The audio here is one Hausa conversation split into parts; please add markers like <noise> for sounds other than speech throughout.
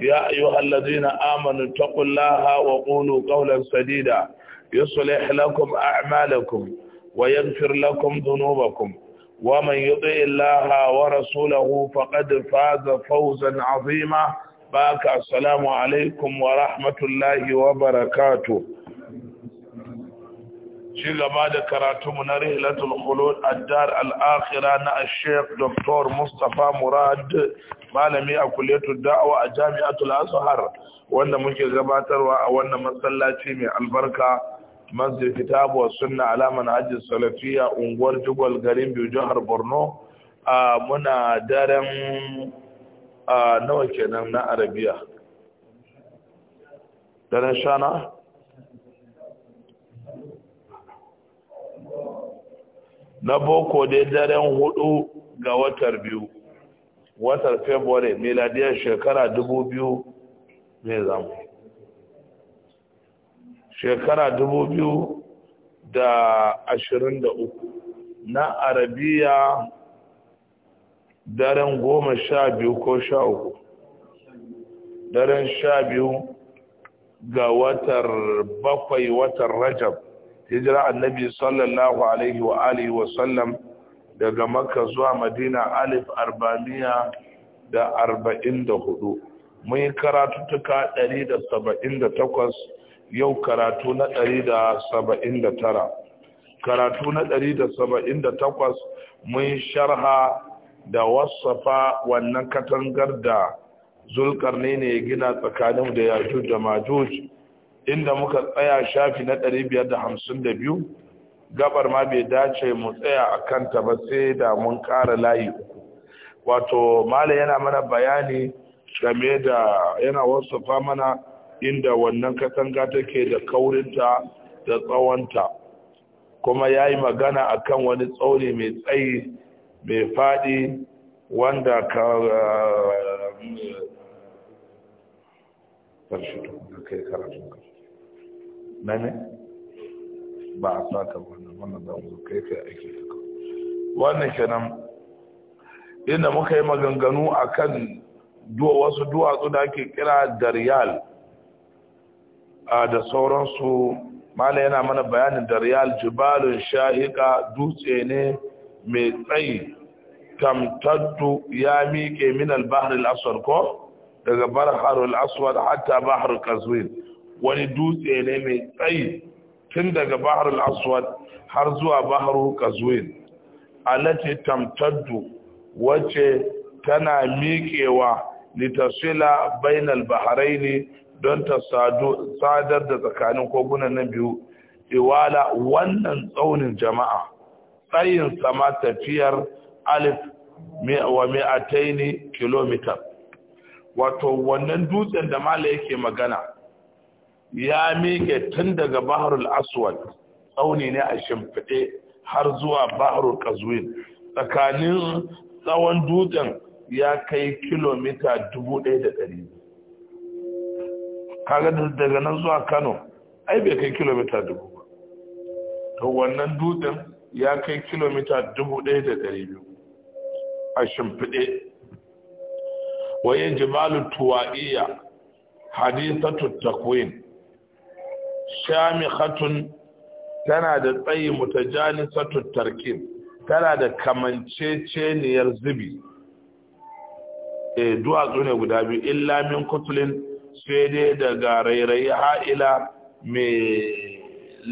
يا أيها الذين آمنوا اتقوا الله وقولوا قولا سديدا يصلح لكم أعمالكم ويغفر لكم ذنوبكم ومن يطع الله ورسوله فقد فاز فوزا عظيما باك السلام عليكم ورحمة الله وبركاته شيخ بعد كراتمنا رحلة الخلود الدار الآخرة الشيخ دكتور مصطفى مراد malami a kuletu da'awa a jami'atul azhar wanda muke gabatarwa a wannan masallaci mai albarka masjid kitabu wa sunna alaman hajji salafiya unguwar jigwal garin biyu jihar borno a muna daren a nawa kenan na arabiya daren shana na boko dai daren hudu ga watar biyu watar february miladiyar shekara dubu biyu mai zamu shekara dubu biyu da ashirin da uku na arabiya daren goma sha biyu ko sha uku daren sha biyu ga watar bakwai watar rajab hijira annabi sallallahu alaihi wa alihi wa sallam daga makka zuwa madina alif arbaniya da arba'in da hudu mun yi tuka ɗari da saba'in da takwas yau karatu na ɗari da saba'in da tara karatu na ɗari da saba'in da takwas mun yi sharha da wasafa wannan katangar da zulkar ne ya gina tsakanin da yajuj da majuj inda muka tsaya shafi na ɗari biyar da hamsin da biyu gabar ma bai dace mu tsaya a kanta ba sai da mun ƙara layi uku wato malam yana mana bayani game da yana wasu mana inda wannan katanga take da kaurinta da tsawonta kuma ya yi magana a kan wani tsauni mai tsayi mai faɗi wanda ka ƙarshe kai karatun ka ba a saka wannan wannan kai kai ake haka wannan kenan inda muka yi maganganu akan wasu duwatsu da ake kira daryal da sauransu mana yana mana bayanin daryal jibalun shahika dutse ne mai tsayi tamtattu ya miƙe min al-bahr al-aswad ko daga bahar al-aswad hatta bahr qazwin wani dutse ne mai tsayi tun daga bahar aswad har zuwa bahar qazwin alati tamtaddu wace tana miƙewa litasila bainal baharaini don ta sadar da tsakanin kogunan nan biyu iwala wannan tsaunin jama'a tsayin sama tafiyar alif wa mi'ataini kilomita wato wannan dutsen da mala yake magana ya miƙe tun daga baharul aswal tsauni ne a shimfiɗe har zuwa baharul kazwin tsakanin tsawon dutsen ya kai kilomita dubu ɗaya da ɗari kaga daga nan zuwa kano ai bai kai kilomita dubu ba to wannan dutsen ya kai kilomita dubu ɗaya da ɗari a shimfiɗe waye jibalin tuwa'iya hadisatu takwin shamikhatun tana da tsayi mutajanisatu tarkib tana da kamanceceniyar zubi e duwatsu ne guda biyu illa min kutulin sai dai daga rairayi ha'ila mai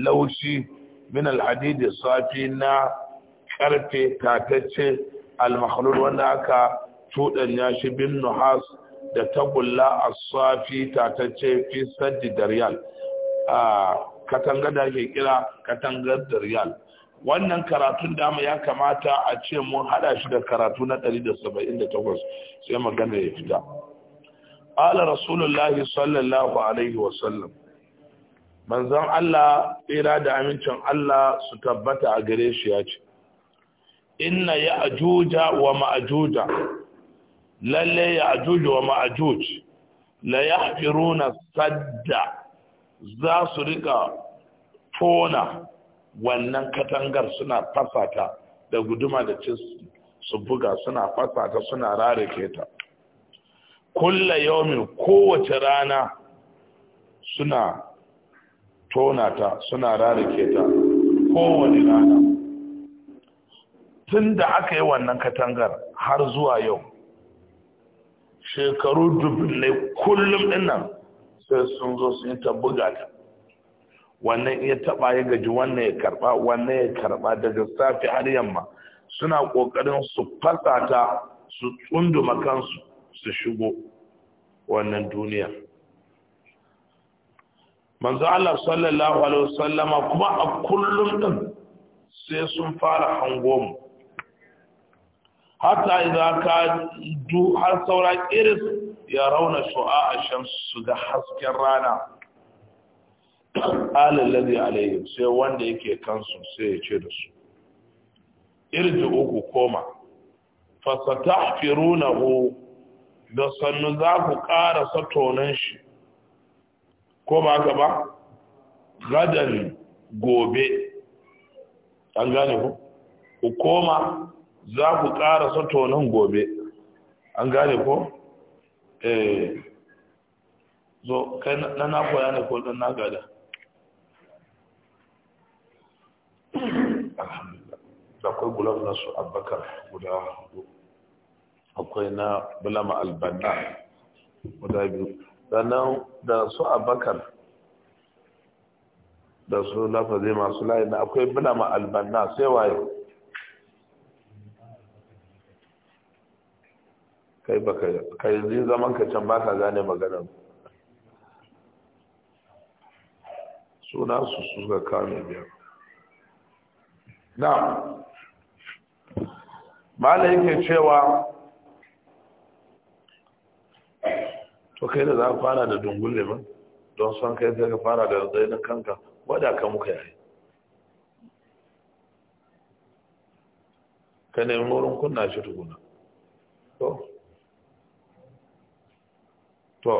laushi min alhadid safi na karfe tatacce mahlul wanda aka ya shi bin nuhas da tagulla a safi tatacce fi saddi daryal katangar da ke kira katangar da riyal wannan karatun dama ya kamata a ce mun hada shi da karatu na 178 sai magana ya fita ala rasulullah sallallahu alaihi wasallam manzon Allah tsira da amincin Allah su tabbata a gare shi ya ce inna ya ajuja wa ma'ajuja lalle ya ajuja wa ma'ajuj la yahfiruna sadda za su rika tona wannan katangar suna fasata da guduma da cin su buga suna fasata suna rare ta kulla yaumin kowace rana suna tona ta suna rare ta kowane rana tun da aka yi wannan katangar har zuwa yau shekaru dubbin ne kullum dinnan sai sun zo sun yi ta buga ta wannan ya taba ya gaji wannan ya karba wannan ya karba daga safi har yamma suna kokarin su fasa ta su tsunduma kansu su shigo wannan duniya manzo Allah sallallahu alaihi wasallama kuma a kullum din sai sun fara hango mu hatta idan ka du har saura iris ya rauna shu'a a shamsu da hasken rana alalazi alaihim sai wanda yake kansu sai ya ce da su irji uku koma fasatahfirunahu da sannu za ku ƙarasa tonon shi ko ba ka ba gadan gobe an gane ku ku koma za ku ƙarasa tonon gobe an gane ku? Eh. zo kai na na koya ne ko dan na gada da akwai gulab na su Abakar guda hudu akwai na bulama albanna guda biyu sannan da su Abakar da su lafazi masu layi na akwai bulama albanna sai waye kai baka kai yanzu zaman ka can baka gane maganar suna su suka kame biyar na malai yake cewa to kai da za ka fara da dungulle ba don son kai sai ka fara da zainin kanka wadda ka muka yayi ka nemi wurin kunna shi tukuna to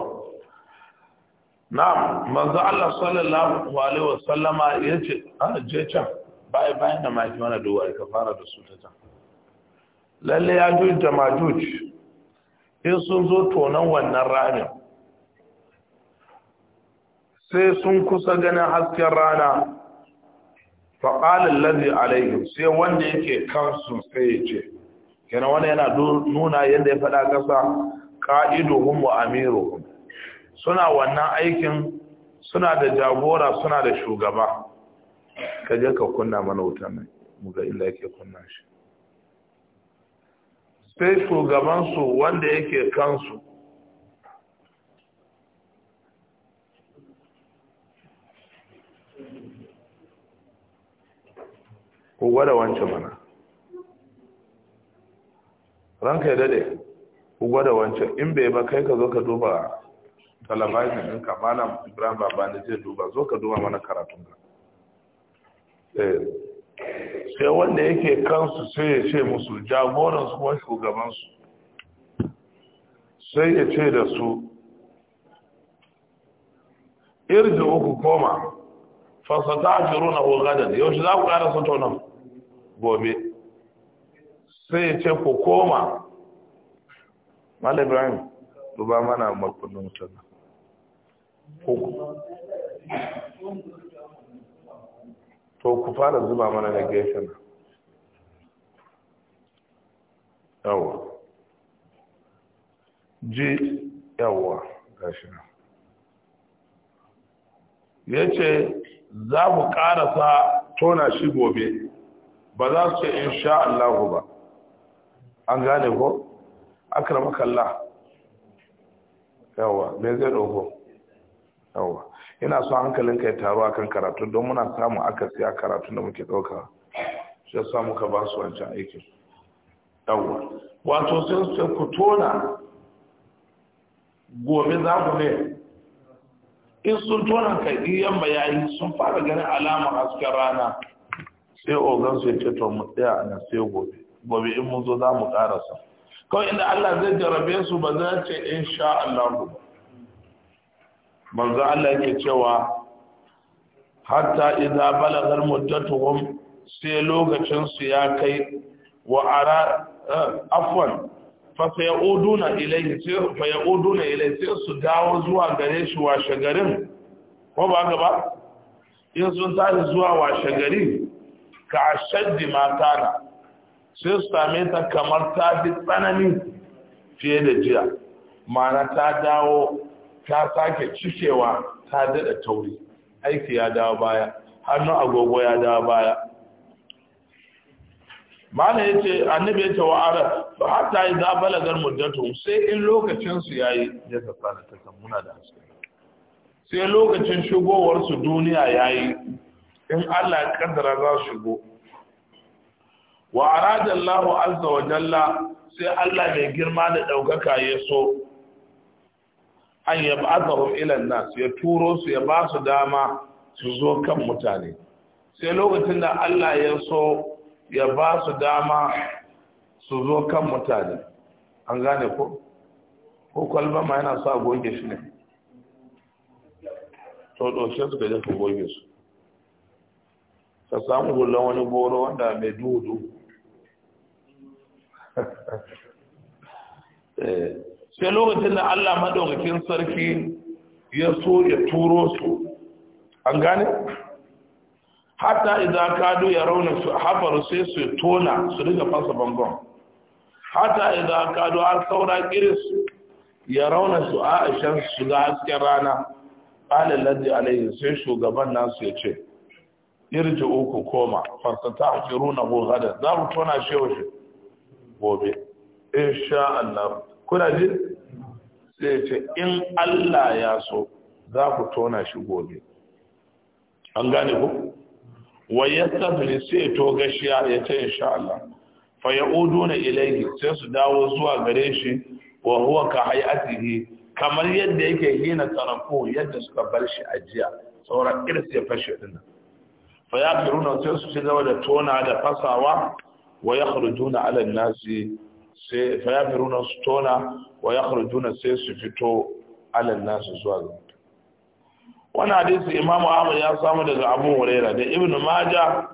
na'am manzo Allah sallallahu alaihi wasallama yace a ah, je can bai bayan da maki wani duwa ka fara da su ta lalle ya juj da majuj in sun zo tonan wannan ramin sai sun kusa ganin hasken rana qala allazi alaihim sai wanda yake kansu sai ya ce kenan yana nuna yadda ya faɗa ƙasa qa'iduhum wa amiruhum suna wannan aikin suna da jagora suna da shugaba kaje ka kunna mana wutan nan mu ga illa yake kunna shi sai shugaban su wanda yake kansu ko gwada wancan mana ranka ya dade ku gwada wancan in bai ba kai ka zo ka duba talabijin ɗinka malam ibrahim ne zai duba zo ka duba mana karatun ka eh, sai wanda yake kansu sai ya ce musu su kuma su sai ya ce da su irji uku koma fasata a jiro na hulgadan yaushe za ku ƙara su tonon gobe sai ya ce ku koma Malam Ibrahim, duba mana makullin mutum. To, ku fara zuba mana na gefen. Yawwa. Ji, yawwa, gashi na. Ya ce, za mu ƙarasa tona shi gobe, ba za su ce, in sha Allah ba. An gane ko? akramaka Allah yawa me zai dogo yawa ina so hankalinka ya taru akan karatu don muna samu akasi a karatu da muke dauka shi sa muka ba su wancan aikin yawa wato sai su ku tona gobe za ku ne in sun tona kai yan bayani sun fara ganin alamar hasken rana sai ogan su ya ce to mu tsaya a nan sai gobe gobe in mun zo za mu ƙarasa kawai inda Allah zai jarabe su ba za ce sha Allah ba manzo Allah yake cewa hatta idza balagha muddatuhum sai lokacin su ya kai wa ara eh, afwan fa sayuduna ilayhi fa yauduna ilayhi su dawo zuwa gare shi washe garin ko ba gaba in sun tashi zuwa washe gari ka ashaddi ma kana sai su same ta kamar ta fi tsanani fiye da jiya ma'ana ta dawo ta sake cikewa ta daɗa tauri aiki ya dawo baya hannu agogo ya dawo baya mana ya ce annabi ya ce wa ara ba ta yi za balagar muddatu sai in lokacinsu ya yi ya tafa da muna da haske sai lokacin shigowarsu duniya ya yi in allah ya kaddara za su shigo wa arada Allah azza wa jalla sai Allah mai girma da daukaka ya so an yab'athu ila nas ya turo su ya ba su dama su zo kan mutane sai lokacin da Allah ya so ya ba su dama su zo kan mutane an gane ko ko kalba ma yana sa goge shi ne to ɗauke su gaje su goge su ka samu gullon wani boro wanda mai duhu duhu sai lokacin da Allah madaukakin sarki ya so ya turo su an gane hatta idan kadu ya rauna su hafar sai su tona su riga fasa bangon hatta idan kadu har saura iris ya rauna su a ashen su ga hasken rana ƙalin lardi alayhi sai shugaban nasu ya ce irji uku koma farsata a firu na gogadar za mu tona shewa shi gobe insha Allah kuna ji sai ce in Allah ya so za ku tona shi gobe an gane ku wa yastabli sai to gashiya ya ce insha Allah fa na ilayhi sai su dawo zuwa gare shi wa huwa ka hayatihi kamar yadda yake hina tarako yadda suka bar shi ajiya sauran irsi ya fashe dinnan fa ya firuna sai su ci gaba da tona da fasawa wa yakhrujuna ala nasi sai fa yafiruna su tona wa yakhrujuna sai su fito ala nasi zuwa ga wani hadisi imam ahmad ya samu daga abu huraira da ibn maja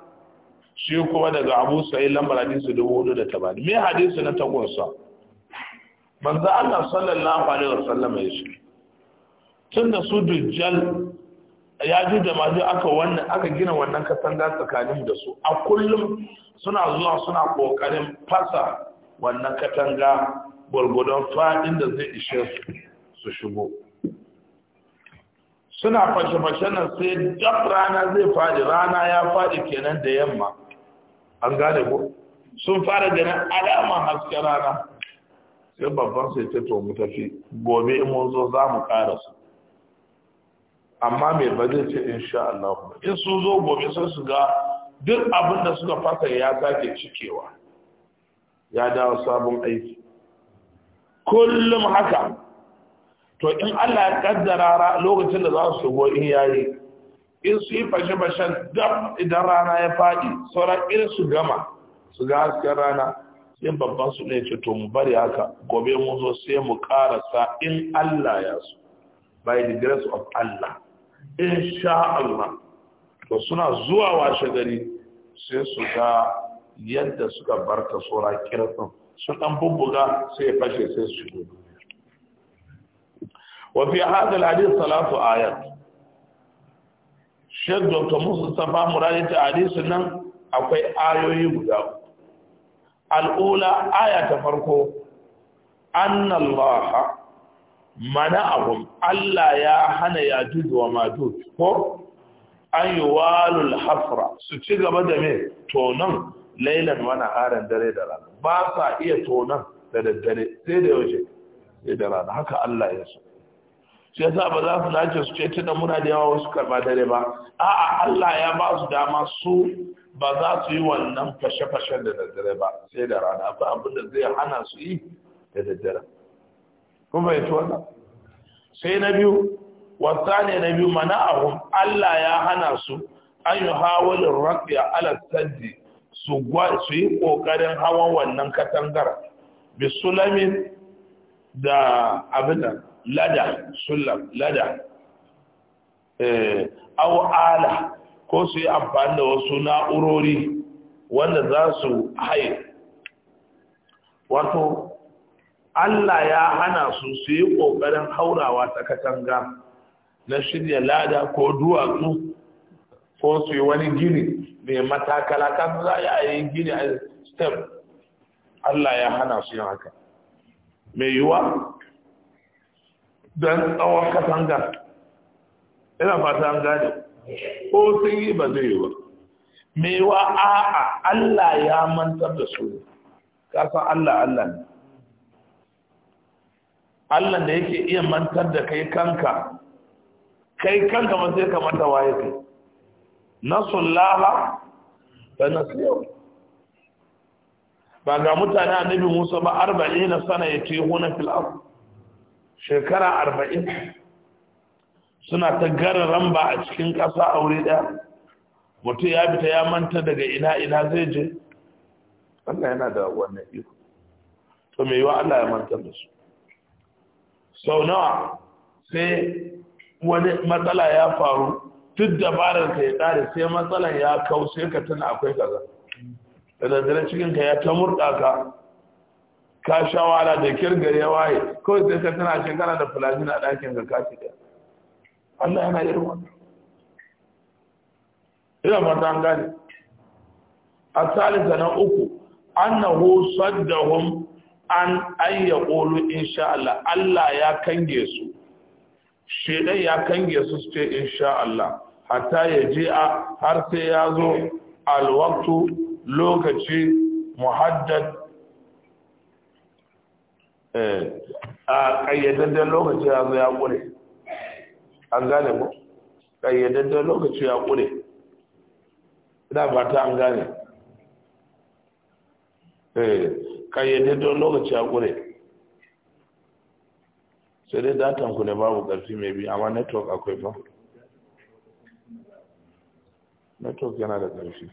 shi kuma daga abu sa'id lambar hadisi dubu hudu da tabani me hadisi na tagonsa manzo Allah sallallahu alaihi wasallam ya ce tunda su dujjal ya ji da maji aka wannan aka gina wannan katanga tsakanin da su a kullum suna zuwa suna kokarin fasa wannan katanga gwargwadon fadin da zai ishe su su shigo suna fashe-fashe nan sai dab rana zai fadi rana ya fadi kenan da yamma an gane ko sun fara ganin alama hasken rana sai babban sai ta to mu tafi gobe in mun zo za mu ƙara su amma mai ba zai ce insha Allah in su zo gobe sai su ga duk abin da suka fasa ya sake cikewa ya dawo sabon aiki kullum haka to in Allah ya kaddara lokacin da za su shigo in yayi in su yi fashe-fashen dab idan rana ya faɗi sauran irin su gama su ga hasken rana sai babban su ne ce to mu bari haka gobe mu zo sai mu karasa in Allah ya so by the grace of Allah insha Allah to suna zuwa washe gari sai su ga yadda suka barka tsora kirafin, sun dan bubbuga sai fashe sai su shigo wa fi hadha al-hadith salatu ayat Sheikh Dr. Musa Safa Muradi ta hadith nan akwai ayoyi guda al'ula aya ta farko anna Allah Mana abun Allah ya hana ya wa mato ko an yi walul hafra su ci gaba da me tonon lailan wani harin dare da rana ba sa iya tonon da daddare sai da yaushe sai da rana haka Allah ya so shi sa ba za su lace su ce tunan muna da yawa wasu karba dare ba a'a Allah ya ba su dama su ba za su yi wannan fashe-fashen da daddare ba sai da rana ba abin da zai hana su yi da daddare kun bai wannan sai na biyu wata ne na biyu mana mana'ahum Allah ya hana su an yi hawalin raƙi ala su yi ƙoƙarin hawan wannan katangar sulamin da abinda lada sulam lada eh, au ala ko su yi amfani da wasu na'urori wanda za su haye wato Allah ya hana su su yi ƙoƙarin haurawa ta katanga na shirya lada ko duwatsu ko su yi wani gini mai matakala kan za a yi gini a step Allah ya hana su yin haka mai yiwa don tsawon katanga ina fata an gane ko sun yi ba zai yi ba mai yiwa a'a Allah ya mantar da su kasa Allah Allah ne Allah da yake iya mantar da kai kanka kai kanka ba sai ka manta waye kai nasullaha fa nasiyu ba ga mutane annabi Musa ba 40 sana yatihuna fil ard shekara 40 suna ta garin ramba a cikin ƙasa wuri ɗaya mutum ya fita ya manta daga ina ina zai je Allah yana da wannan iko to me yiwa Allah ya manta da su sau nawa sai wani matsala ya faru duk dabarar ka ya tsari sai matsalan ya kau sai ka tuna akwai kaza da daddare cikin ka ya ta murɗa ka ka sha wahala da kirgar ya waye kawai sai ka tuna shi kana da fulani na ɗakin ka kafi da Allah yana irin wannan ina mata an gani. a ta na uku annahu hun an ayya ƙolu insha Allah Allah ya kange su shedan ya kange su ce insha Allah hatta ya je a har sai ya zo alwaktu lokaci muhaddad eh, a ƙayyadadden lokaci ya zo ya ƙure an gane ku ƙayyadadden lokaci ya ƙure ina ba ta an gane eh, don lokaci a kure sai dai datan ku ne babu ƙarfi mai bi amma network akwai ba network yana da ƙarfi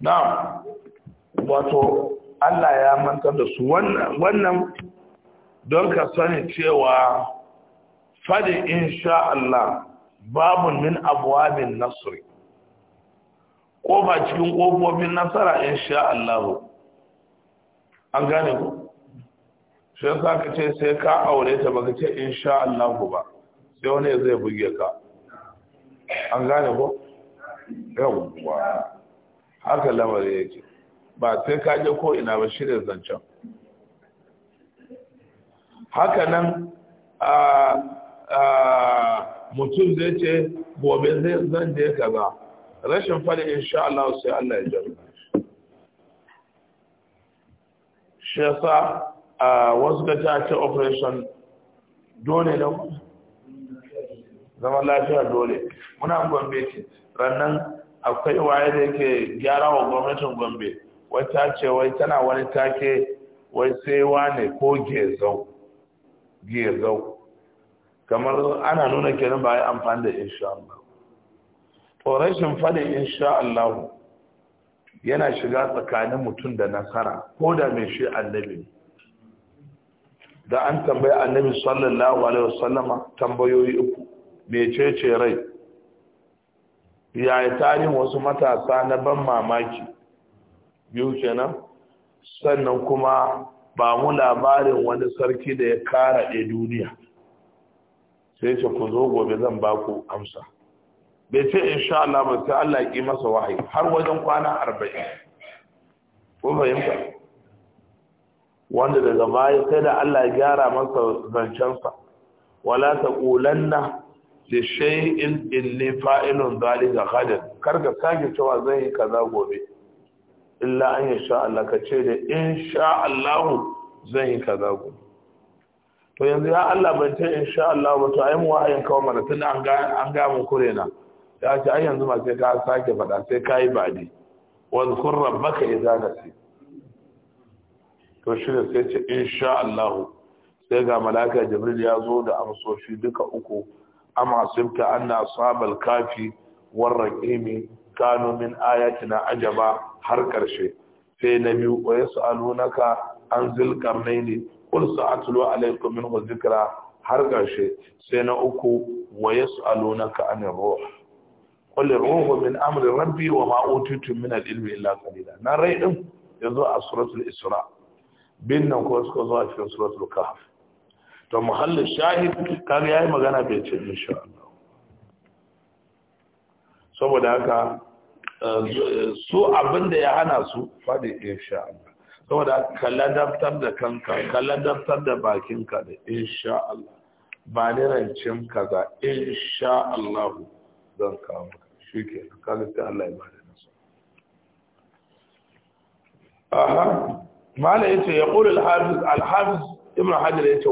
na wato allah ya mantar da su wannan don ka sani cewa fadin insha Allah babun min abuwabin nasri ko ba cikin ƙofofin nasara insha Allah ba. an gane ku shi yasa ka ce sai ka aure ta baka ce insha Allah ba sai wani zai buge ka an gane ku yawa haka lamarin yake ba sai ka je ko ina ba shirin zancen haka nan mutum zai ce gobe zai zan je kaza rashin fara insha Allah sai Allah ya jarumta shi a wasu gaji ta ce operation dole da zama lafiya dole muna gombe ce rannan akwai waye da yake gyara wa gwamnatin gombe wata ce wai tana wani take wai sai wane ko gezau gezau kamar ana nuna kenan ba yi amfani da insha Allah to rashin faɗin insha yana shiga tsakanin mutum da nasara ko da mai shi annabi da an tambayi annabi sallallahu alaihi wasallama tambayoyi uku ce rai yaya tarihin wasu matasa na ban mamaki biyu kenan sannan kuma ba mu labarin wani sarki da ya kara ɗaya duniya sai ce ku zo gobe zan ba ku amsa bai ce insha Allah ba sai Allah ya yi masa wahayi har wajen kwana 40 ko fahimta wanda daga baya sai da Allah ya gyara masa zancensa wala taqulanna li shay'in inni fa'ilun dhalika ghadan karka sake cewa zan yi kaza gobe illa an yasha Allah ka ce da insha Allah zan yi kaza gobe to yanzu ya Allah ban ce insha Allah ba to ayi mu wahayin kawai mana tun an ga an ga mun kurena ya ce ai yanzu ma sai ka sake faɗa sai ka yi baɗi wazkur rabbaka idza nasi to shi sai ce insha Allah sai ga malaka jibril ya zo da amsoshi duka uku amma an anna asabal kafi war raqimi kanu min ayatina ajaba har karshe sai na biyu wa alunaka an zil qarnaini qul sa'atlu alaykum min zikra har karshe sai na uku wa yas'alunaka anir ruh qul ruhu min amri rabbi wa ma utitu min al-ilmi illa qalila na rai din yazo a suratul isra bin nan ko suka zo a cikin suratul kahf to muhallin shahid kan yayi magana bai ce insha Allah saboda haka su abinda ya hana su fadi insha Allah saboda kallan daftar da kanka ka ladabtar da bakinka da insha Allah ba ni rancin kaza insha Allah zan kawo maka shi ke ya bada nasu aha mala yace ya qul al-hafiz al-hafiz ibn hajar yace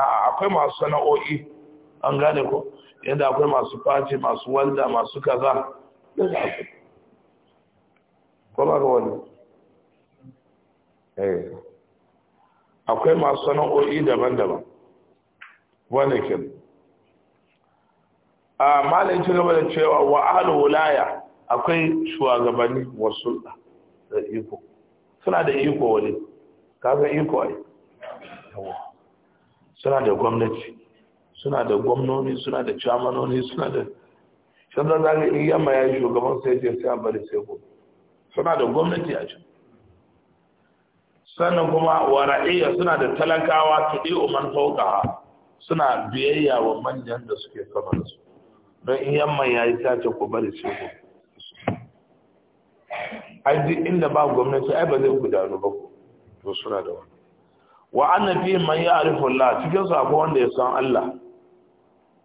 akwai masu sana'o'i yadda akwai masu face masu walda masu kaza eh. akwai masu sana'o'i daban-daban a malin ci gaba da cewa wa ahlul wilaya akwai shugabanni wasu da iko suna da iko wani kaga iko ai suna da gwamnati suna da gwamnoni suna da chamanoni suna da shan zan zaga in yamma ya yi shugaban sai ce sai bari sai suna da gwamnati a can sannan kuma wa ra'iyya suna da talakawa tuɗi umar fauka suna biyayya wa manyan da suke sama da su don in yamma ya yi tace ku bari su ku ai duk inda ba gwamnati ai ba zai gudanu ba ku to suna da wani wa fi man ya'rifu Allah cikin su akwai wanda ya san Allah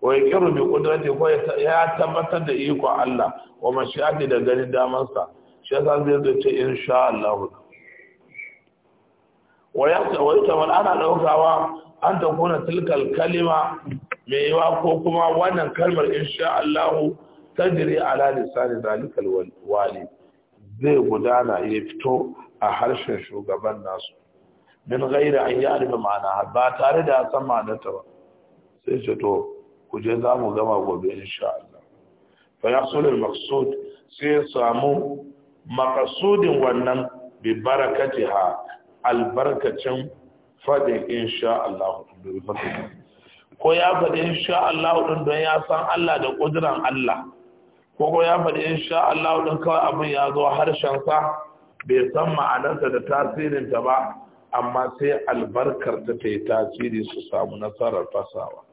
wa yaqiru bi qudrati ko ya tabbatar da iko Allah wa mashiati da gani daman sa shi yasa zai zo ce insha Allah wa ya ta wa ta wal ana lawa an kuna tilkal kalima mai yawa ko kuma wannan kalmar insha Allah tajri ala lisani zalikal wali zai gudana ya fito a harshen shugaban nasu min ghairi an ya'rifa ma'ana ba tare da san ma'anarta ba sai ce to ku je za mu gama gobe insha Allah fa yahsul al maqsud sai samu makasudin wannan bi barakatiha albarkacin fadin insha Allah bi barakatiha ko ya faɗi insha Allah din don ya san Allah da ƙudiran Allah ko ko ya faɗi insha Allah din kawai abin ya zo harshen sa bai san ma'anarsa da tasirin ta ba amma sai albarkar ta ta yi tasiri su samu nasarar fasawa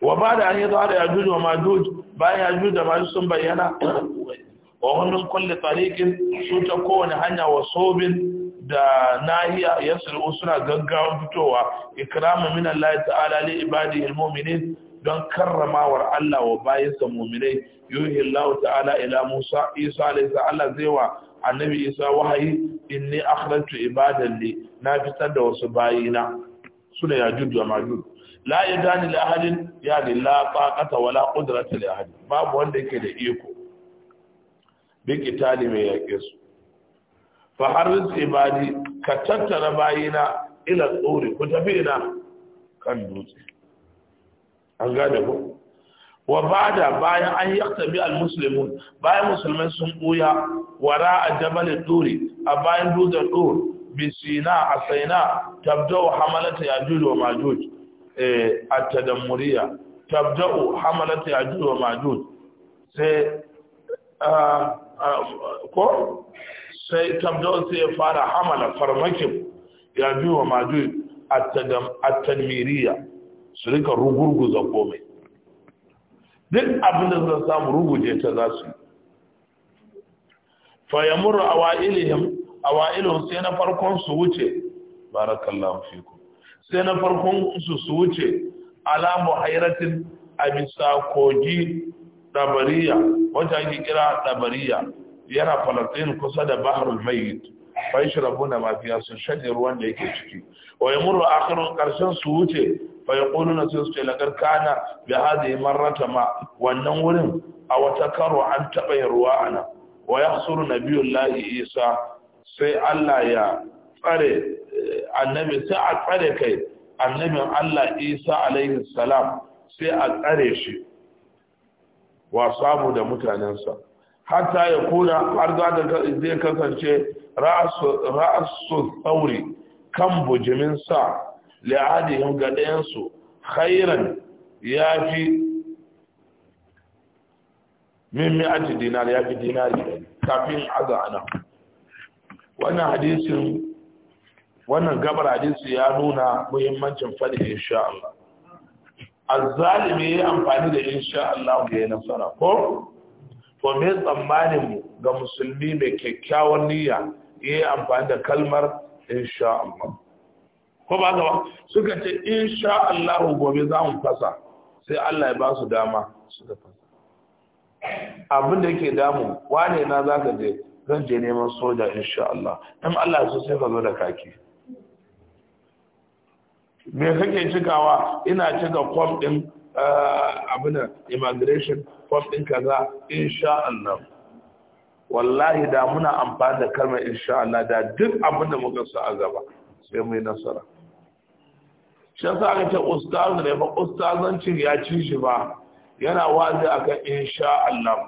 wa ba da an yi zuwa da ya juju ma bayan ya juju da ma sun bayyana wa wani kulle tsarikin su ta kowane hanya wa sobin da nahiya yasir suna gaggawa fitowa ikramu min Allah ta'ala li ibadihi almu'minin don karramawar Allah wa bayansa mu'minai yuhi Allah ta'ala ila Musa Isa alayhi Allah zai wa annabi Isa wahayi inni akhrajtu ibadan li na fitar da wasu bayina suna yajuju wa majuju la yadani li ahadin ya la taqata wala qudrata li ahadin babu wanda yake da iko bi kitali mai yake su fa ba ni ka tattara bayina ila tsori ku tafi ina kan dutse an gane ku wa bada bayan an al almuslimun bayan musulmai sun buya wara a jabal tsori a bayan dutsen tsori bisina a saina tabda'u hamalata yajuj wa majuj eh, a tadammuriya tabda'u hamalata yajuj wa majuj sai ah, ah, ko sai tabdon sai ya fara hamala farmakin ya biwa wa a at-tadmiriya su rika rugurguza komai duk abin da samu ruguje ta za su yi fa awailihim sai na farkon su wuce barakallahu fiku sai na farkon su su wuce ala muhairatin abisa kogi dabariya wata ake kira dabariya yana falastin kusa da baharul mayit fai shirabu na mafiya sun shanye ruwan da yake ciki wa ya murwa akirun karshen su wuce fa ya ƙulu na sun ce lagar kana bi hada marrata ma wannan wurin a wata karo an taɓa yin ruwa a nan wa ya suru na biyun lahi isa sai allah ya tsare eh, annabi sai a tsare kai annabin allah isa alaihi salam sai a tsare shi wa samu da mutanensa hatta ya kuna har zai kasance ra'asu tsauri kan bujimin sa li'adihim ga ɗayansu khairan ya fi min mi'ati dinar ya fi dinari kafin aza ana wannan hadisin wannan gabar hadisi ya nuna muhimmancin faɗi insha Allah azzalimi ya amfani da insha Allah ya nasara ko to me tsammanin mu ga musulmi mai kyakkyawan niyya yi amfani da kalmar insha Allah ko ba gaba suka ce insha Allah gobe za mu fasa sai Allah ya ba su dama suka fasa abin da yake damu wane na zaka je zan je neman soja insha Allah in Allah so sai ka zo da kaki me kake cikawa ina cika kwam din eh, abin immigration kwas ɗin kaza insha Allah wallahi da muna amfani da kalmar insha Allah da duk abin da muka sa a gaba sai mu yi nasara shi yasa aka ce ustaz ne ba ustazancin ya ci shi ba yana wazi akan insha Allah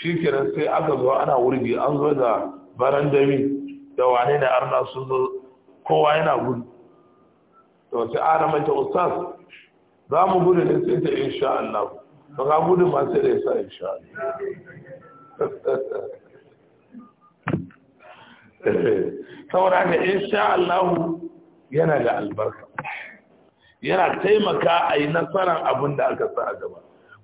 shikenan sai aka zo ana wurgi an zo da barandami da wane ne arna sun zo kowa yana gudu to sai ana ramanta ustaz za mu gudu ne sai ta insha Allah ba gudun masu da ya sa insha saboda insha Allah yana da albarka yana taimaka a yi nasarar abin da aka sa a gaba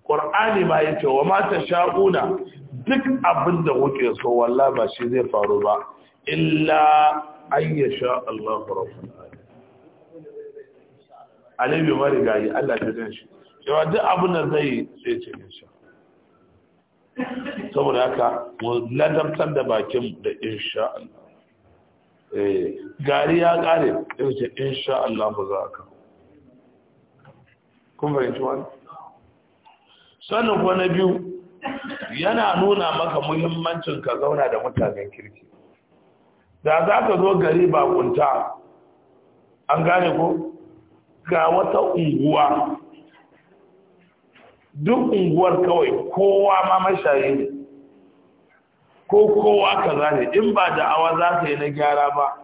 ƙwar'ani ma ya cewa wa mata sha'una duk abin da kuke so walla ba shi zai faru ba illa an yi sha Allah farafin alibi marigayi Allah ta zan shi yawa duk abin da zai sai ce insha saboda haka mu ladabtar da bakin da insha Allah eh, gari ya kare yau ce insha Allah ba za ka kun fahimci wani sannan kuwa na biyu yana nuna maka muhimmancin ka zauna da mutanen kirki da za ka zo gari ba kunta an gane ko ga wata unguwa duk unguwar kawai kowa ma mashayi ne ko kowa kaza ne in ba da'awa za ka yi na gyara ba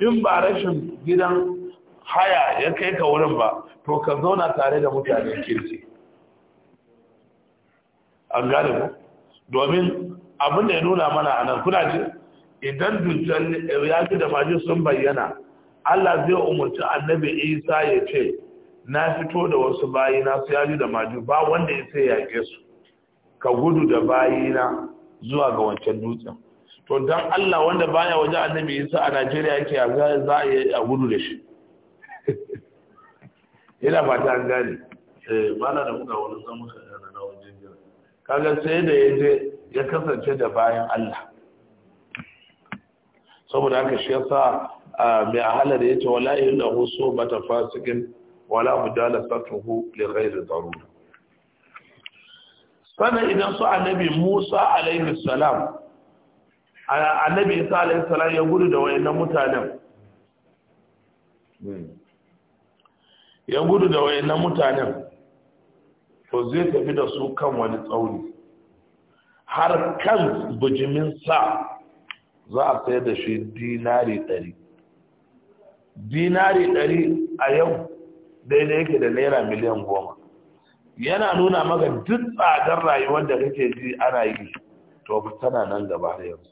in ba rashin gidan haya ya kai ka wurin ba to ka zauna tare da mutanen kirki an gane ku domin abin da ya nuna mana a nan kuna ji. idan dutsen ya da majin sun bayyana Allah zai umarci annabi Isa ya ce na fito da wasu bayi na su yaju da maju ba wanda ya sai yaƙe su ka gudu da bayi na zuwa ga wancan dutsen to dan Allah wanda baya waje annabi Isa a Najeriya yake a za a yi a gudu da shi yana <laughs> fata an gane eh mana da muka wani zama kana na wajen jira kaga sai da yaje ya kasance da bayan Allah saboda haka shi yasa ah, mai ahalar yace wala ilahu so bata fasikin wala mujalasatuhu li ghairi darura sannan idan su annabi Musa alaihi salam annabi Isa alaihi salam ya gudu da wayannan mutanen hmm. ya gudu da wayannan mutanen to zai tafi da su kan wani tsauni har kan bujimin sa za a sayar da shi dinari ɗari dinari ɗari a yau daidai yake da naira miliyan goma yana nuna maka duk tsadar rayuwar da kake ji ana yi to tana nan gaba da yanzu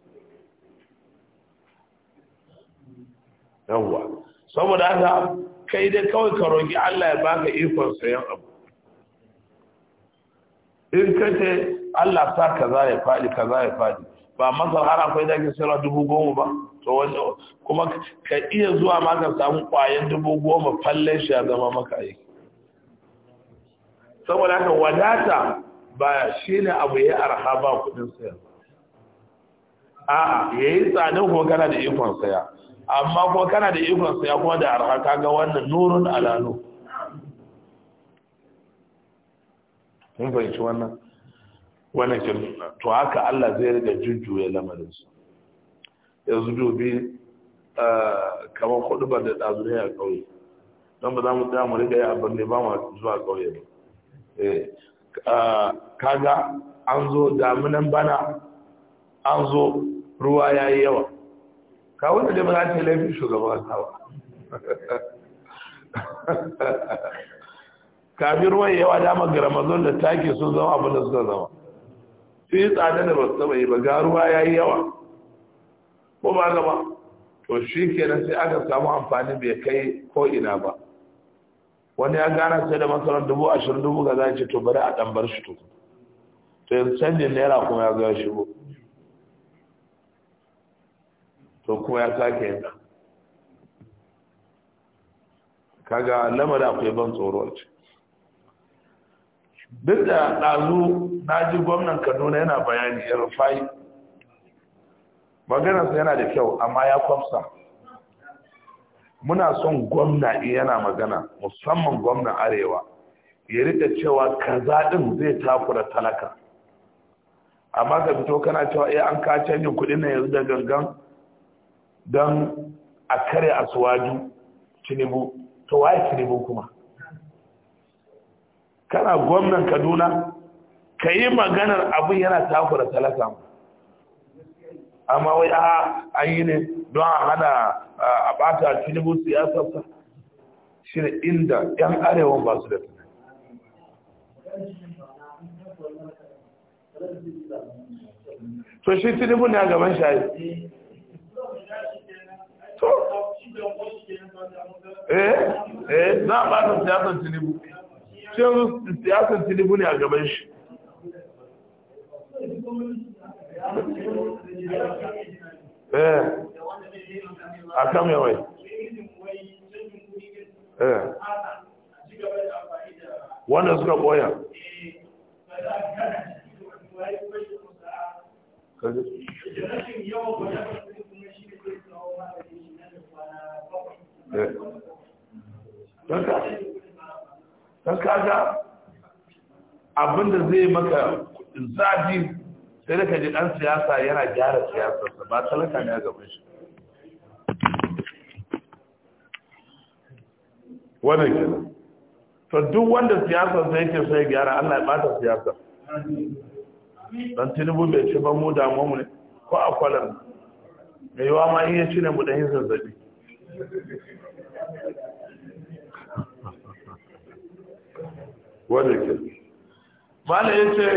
yawwa saboda haka kai dai kawai ka roƙi Allah ya baka ikon sayan abu in ka ce Allah sa kaza ya fadi kaza ya fadi ba maka har akwai da ke dubu goma ba kuma ka iya zuwa ma ka samu kwayan dubu goma fallon shi ya zama maka aiki saboda haka wadata ba shi ne abu ya arha ba kudin saya a'a ya yi tsanin kuma kana da ikon saya amma kuma kana da ikon saya kuma da arha kaga wannan nurun alano mun fahimci wannan wannan kirkin to haka Allah zai riga jujjuya lamarinsu yanzu dubi kamar kudu ba da ne a ƙauye don ba za mu tsaya mu riga yi a birni ba mu zuwa ƙauye ba eh, kaga an zo daminan bana an zo ruwa ya yi yawa kawo da dama ta laifin shugaban sawa <laughs> kafin ruwan yawa dama garama ramazon da take sun zama abin da suka zama fi tsada da ba su taba yi ba ga ruwa ya yi yawa ko ba zama to shi kenan sai aka samu amfani bai kai ko ina ba wani ya gana sai da masarar dubu ashirin dubu ga zai ce to bari a ɗan bar shi to to yanzu canjin naira kuma ya zuwa ya shigo to kuma ya sake yin kaga lamar akwai ban tsoro ce duk da ɗazu na ji gwamnan kaduna yana bayani ya rufai maganarsa yana da kyau amma ya kwamsa muna son gwamna yana magana musamman gwamna arewa ya rika cewa kaza din zai takura talaka amma ka fito kana cewa eh an ka canjin kuɗi na yanzu da gangan don a kare asuwaju tinubu to waye kuma kana gwamnan kaduna ka yi maganar abin yana takura talaka mu amma wai a an yi ne don a hana a bata tinubu siyasarsa shi ne inda yan arewan ba su da tunai to shi tinubu ne a gaban shayi to eh eh za a bata siyasar tinubu shi yanzu siyasar tinubu ne a gaban shi eh a kan yawai eh. wanda suka koya eh. don abinda zai maka zafi sai da kaji dan siyasa yana gyara siyasarsa ba talaka ne a gaban shi wannan kenan to duk wanda siyasa sai yake sai gyara Allah ya bata siyasa dan tinubu bai ci ba mu damu mu ne ko a kwalar mai yawa ma iya ci ne mu dan yin zazzabi wannan kenan Mala ya ce,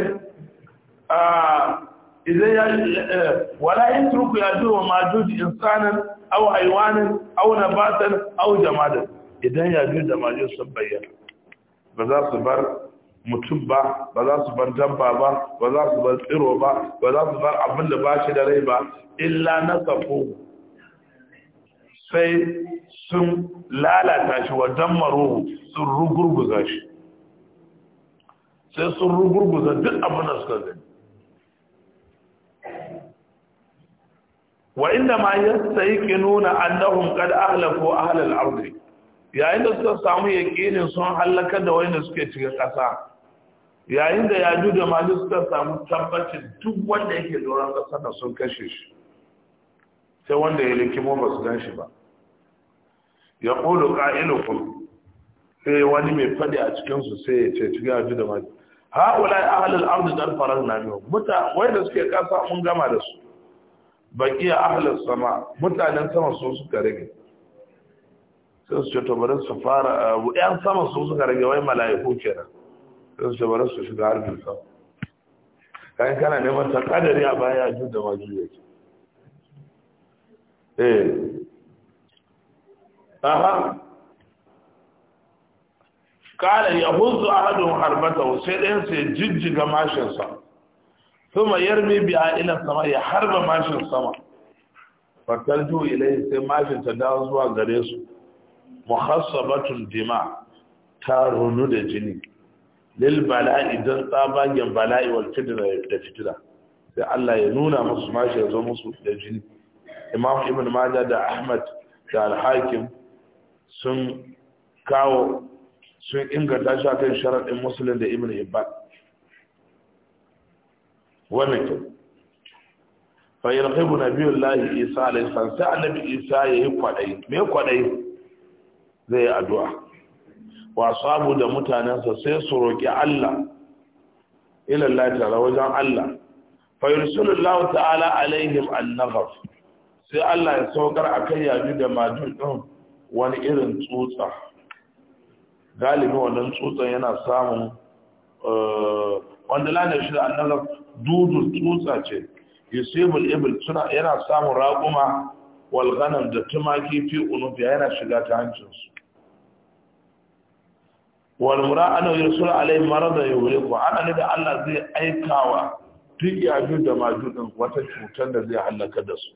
wala in turku ya juwa majuji insanin au haiwanin au nabatan au jamadin idan ya juji da majuji sun bayyana ba za su bar mutum ba ba za su bar dabba ba ba za su bar tsiro ba ba za su bar abin da ba shi da rai ba illa na safo sai sun lalata shi wa dammaro sun rugurguza shi sai sun rugurguza duk abin da suka gani wa inda ma nuna annahum qad ahlaku ahla al-ard yayin da suka samu yakinin sun halaka da wanda suke cika ƙasa yayin da yaju da mali suka samu tabbacin duk wanda yake doron ƙasa da sun kashe shi sai wanda ya likimo ba su gan shi ba ya ƙulu ƙa'ilukum sai wani mai faɗi a cikinsu sai ya ce cikin yaju da mali ha'ulai ahlul ard dan faran na miyo muta wanda suke ƙasa mun gama da su baqiya ahlus sama mutanen sama su suka rage sai su ce to bari su fara eh, yan sama su suka rage wai mala'iku kenan sai su ce bari su shiga arzikin sama kayan kana neman ta kadari a baya ju da waju yake eh aha kala ya huzu ahadun harbata sai ɗayan sai jijjiga mashinsa ثم يرمي بها إلى السماء يا حرب ماشي السماء فترجو إليه سي ماشي تداوز وغريس مخصبة الدماء تارون دجني للبلاء إذن طابا fitila والفتنة والفتنة sai Allah ya nuna musu mashi ya zo musu da jini imam ibn majah da ahmad da al-hakim sun kawo sun inganta shi akan sharadin da ibn hibban wannan kyau na biyun lahi isa alayhi salam sai annabi isa yayi kwadai me kwadai zai addu'a wa sabu da mutanensa sai su roki Allah ila Allah ta'ala wajen Allah fa yursulullahu ta'ala alaihim an sai Allah ya saukar akai yaji da majun din wani irin tsutsa galibi wannan tsutsan yana samun eh, wanda lana shi da annazar dudu tsutsa ce yusibul ibl suna yana samun raƙuma wal ghanam da tumaki fi unufi yana shiga ta hancinsu wal mura'anu yursulu alayhi marada yuhliku ana ne da Allah zai aika wa duk yaju da majudin wata cutar da zai halaka da su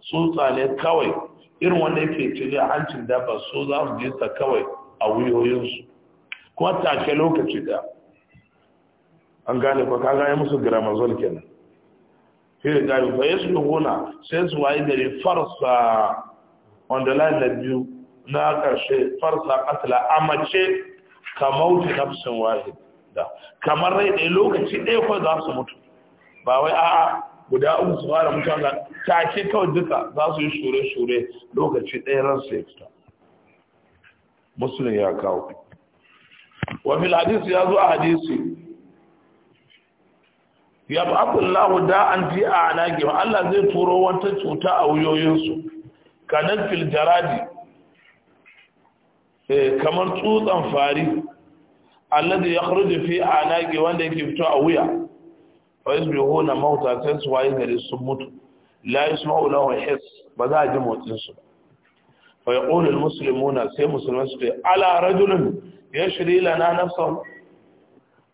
tsutsa ne kawai irin wanda yake cire hancin dabba su za su je ta kawai a wuyoyinsu kuma take lokaci da an gane ko kaga ya musu gramazol kenan shi da gari fa gona sai su wayi da farsa on the line that biyu na karshe farsa qatla amace ka mauti nafsin wahid da kamar rai da lokaci ɗaya ko za su mutu ba wai a'a guda uku su fara mutu ga take kawai duka za su yi shure-shure lokaci ɗaya ran su ya musulun ya kawo wa fil hadisi ya zo a hadisi ya ba'akullahu da'an fi a'naqi ba Allah zai turo wata cuta a wuyoyinsu kanan fil jaradi eh, kamar tsutsan fari ya yakhruju fi a'naqi wanda yake fito a wuya Wa yusbihu na mauta sai su waye gari sun mutu la yusma'u lahu his ba za a ji motsin su ba fa yaqulu almuslimuna sai musulmai su ce ala rajulun yashri lana nafsahu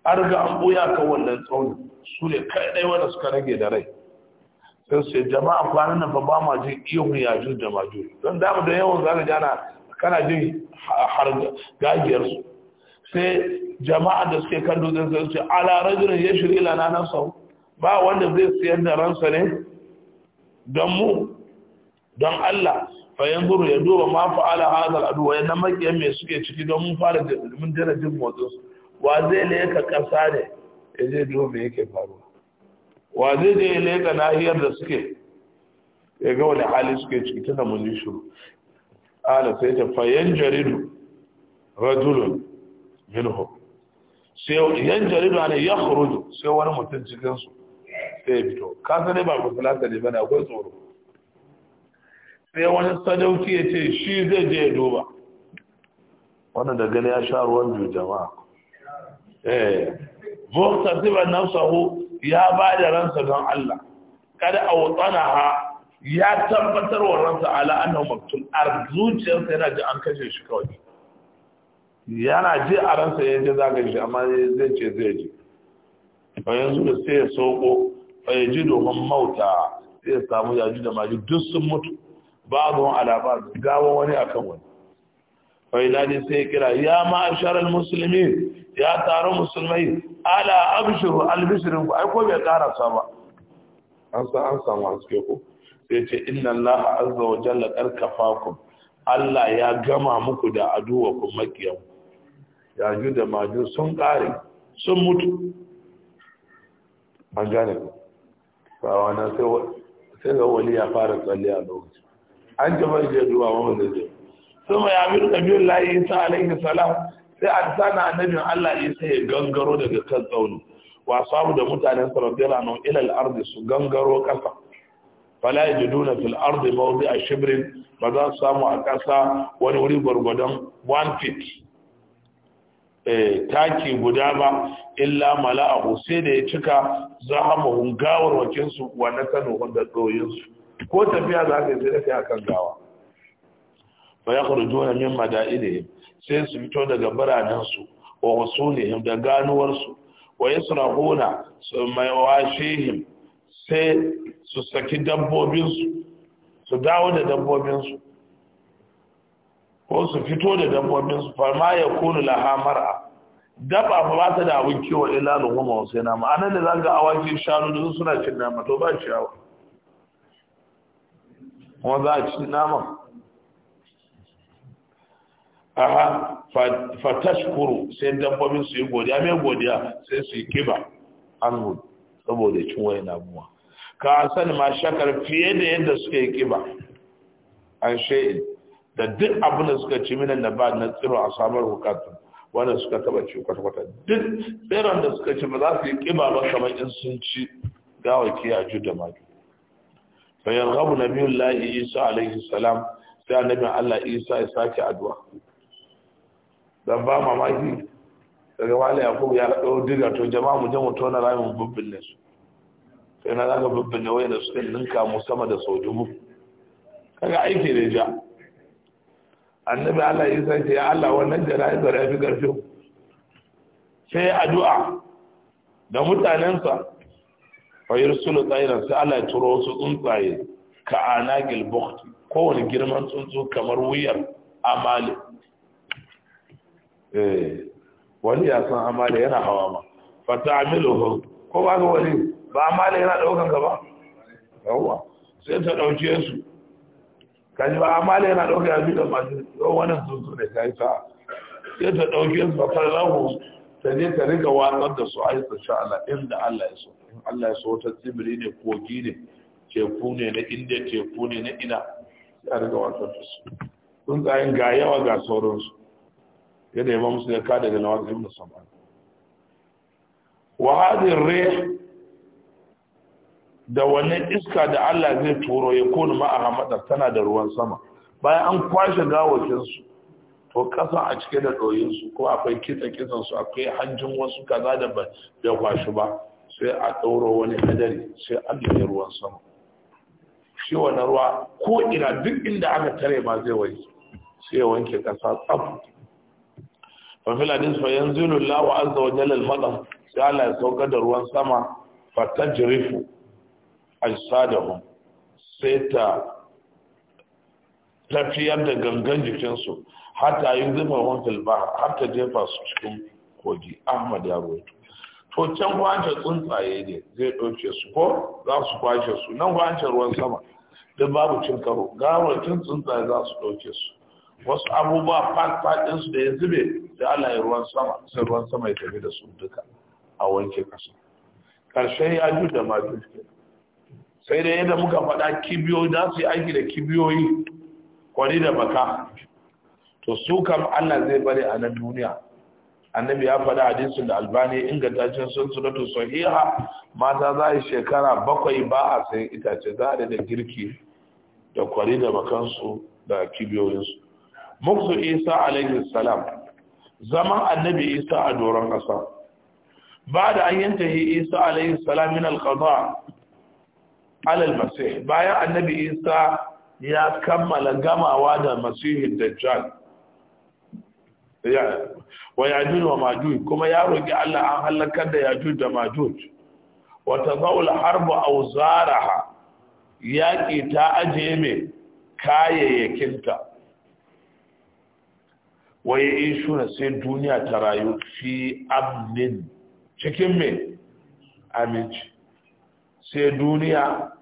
arga an buya ka wannan tsaunin su ne kaɗai wanda suka rage da rai sai su jama'a kwanan nan fa ba ma jin ya yaju da maju don damu da yawan zaka jana kana jin har gagiyar su sai jama'a da suke kan dutsen sai su ala rajulun yashri ila na sau ba wanda zai siyar da ransa ne don mu don Allah fa yanzuru ya duba ma ala hadal adu wa yanna makiyan me suke ciki don mun fara mun jira jin motsin wa zai leka kasa ne ya je me yake faruwa wa zai je ne ga nahiyar da suke ya ga wani hali suke ciki tana mun yi shiru ala sai ta fayan jaridu rajulun minhu sai yan jaridu ana ya khuruju sai wani mutum cikin su sai ya fito ka sani ba ku musulata ne bane akwai tsoro sai wani sadauki ya ce shi zai je ya duba wannan da gani ya sha ruwan jama'a eh muhtasiban nafsahu ya ba da ransa don Allah kada ha ya tabbatar wa ransa ala annahu maktul zuciyarsa yana ji an kashe shi kawai yana ji a ransa ya ji zaga shi amma zai ce zai ji fa yanzu da sai ya soko fa ya ji domin mauta sai ya samu ji da maji duk sun mutu babu wani alaba gawa wani akan wani failani sai kira ya ma'ashar musulmi ya taron musulmai ala abshiru albishirin ku ai bai karasa ba an san an samu haske ku ce Allah ya gama muku da aduwa ku makiyan ya ju da majin sun kare sun mutu an gane ku sawa na sai sai ya fara tsalle a lokaci. an mai je duwa wanda zai sun ya amir nabiyun layi isa alaihi salam sai a sana annabin allah ya sai ya gangaro daga kan tsauni wasu da mutanen sarabdila nan ilal arzi su gangaro kasa fala yi jidu na fil arzi mawuzi a shibirin ba za su samu a kasa wani wuri gwargwadon one feet eh, taki guda ba illa a sai da ya cika za a mahun gawar wakinsu wa na kano wanda tsoyinsu ko tafiya za ka yi sai da akan gawa fa juna min madainihim sai su fito daga biranen su wa wasulihim da ganuwar su wa yasrahuna mai washihim sai su saki dabbobin su su dawo da dabbobin su ko su fito da dabbobin su fa ma yakunu laha mar'a dabba fa ba ta da abin kiwo ila lughuma wa sai nama anan da zaka awaki shanu da suna cin nama to ba ciyawa kuma za a cin nama aha fatashkuru sai dabbobin su yi godiya mai godiya sai su yi kiba anhu saboda cin wani namuwa ka sani ma shakar fiye da yadda suka yi kiba an sha'in da duk abin da suka ci minan da ba na tsiro a samar hukatu wanda suka taba ci kwata-kwata duk tseron da suka ci ba za su yi kiba ba kamar in sun ci gawaki a ju da maju fayar gabu na biyun la'i isa alaihi salam sai annabin allah isa ya sake addu'a don ba mamaki daga wale kuma ya ɗau diga to jama'a mu je mu tona ramin ne su sai na zaka ne wayan da su ɗin ninka mu sama da sau dubu kaga aiki ne ja annabi Allah yi sace ya Allah wannan da jana'izar ya fi karfi sai addu'a da mutanensa fayar sulu tsayiran sai Allah ya turo su tsuntsaye ka anagil bukti kowane girman tsuntsu kamar wuyar amali Eh, wani ya san amali yana hawa ma fata amiluhu ko ba ga wani ba amali yana daukan gaba ba yawa sai ta dauke su kaji ba amali yana daukan ya duka masu yau wani sun da yi ta sai ta dauke su ba lahu ta je ta rika watsar da su aisa sha Allah inda Allah ya so in Allah ya so ta tsibiri ne kogi ne teku ne na inda teku ne na ina sai a rika watsar da su tsuntsayen ga yawa ga sauransu yadda imam muslim ya ka daga nawaz ibn sam'an wa hadhihi rih da wannan iska da Allah zai turo ya kone ma'a hamadar tana da ruwan sama bayan an kwashe gawakinsu to kasa a cike da ɗoyinsu ko akwai kitsa su akwai hanjin wasu kaza da ba da kwashi ba sai a ɗauro wani hadari sai Allah ya ruwan sama shi wannan ruwa ko ina duk inda aka tare ma zai wanke sai wanke kasa tsaf wa fil hadis fa yanzilu Allahu azza wa jalla al-matar sai Allah ya da ruwan sama fa tajrifu ajsadahum sai ta tafiyar da gangan jikinsu hatta yin zuba wan filba har ta jefa su cikin kogi ahmad ya rawaito to can kwance tsuntsaye ne zai dauke su ko za su kwace su nan kwance ruwan sama duk babu cin karo tun tsuntsaye za su ɗauke su wasu abubuwa din su da ya zube da Allah ya ruwan sama sai ruwan sama ya tafi da su duka a wanke kasu karshen ya ju da ma sai da yadda muka faɗa kibiyoyi za su yi aiki da kibiyoyi kwari da baka to su kam Allah zai bari a nan duniya annabi ya faɗa hadisin da albani inganta cin sun sunatu sahiha mata za yi shekara bakwai ba a sayan itace za a da girki da kwari da bakansu da kibiyoyinsu muksu isa alaihi salam zaman annabi isa a doron ƙasa ba da an yanta isa alayhi salamin alƙaza alal masih bayan annabi isa ya kammala gamawa da masihin dajjal wa yajuj wa majuj kuma ya roƙi Allah an halakar da yajuj da majuj wa tazawul harbu awzaraha yaƙi ta ajiye mai kayayyakinta waye ishuna sai duniya ta rayu fi amnin cikin me aminci sai duniya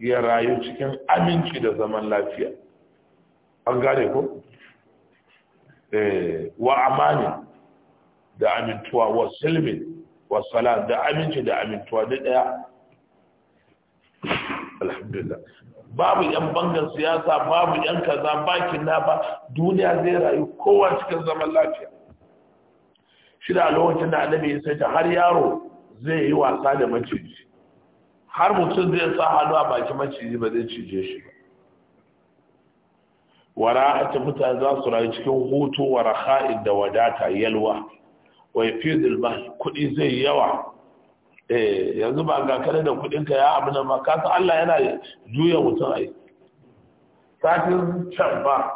ya rayu cikin aminci da zaman lafiya an gane ko eh, wa amani da amintuwa wa silmin wa salam da aminci da amintuwa da daya alhamdulillah babu yan bangar siyasa babu yan kaza bakin na ba duniya zai rayu kowa cikin zaman lafiya shi da lokacin da annabi ya har yaro zai yi wasa da maciji har mutum zai sa hannu a baki maciji ba zai cije shi ba ta mutane za su rayu cikin hutu ha'in da wadata yalwa wai yafidul mal kudi zai yawa Eh, yanzu ba ga kare da kudin ka ya abu nan ba ka san Allah yana juya mutum ai satin can ba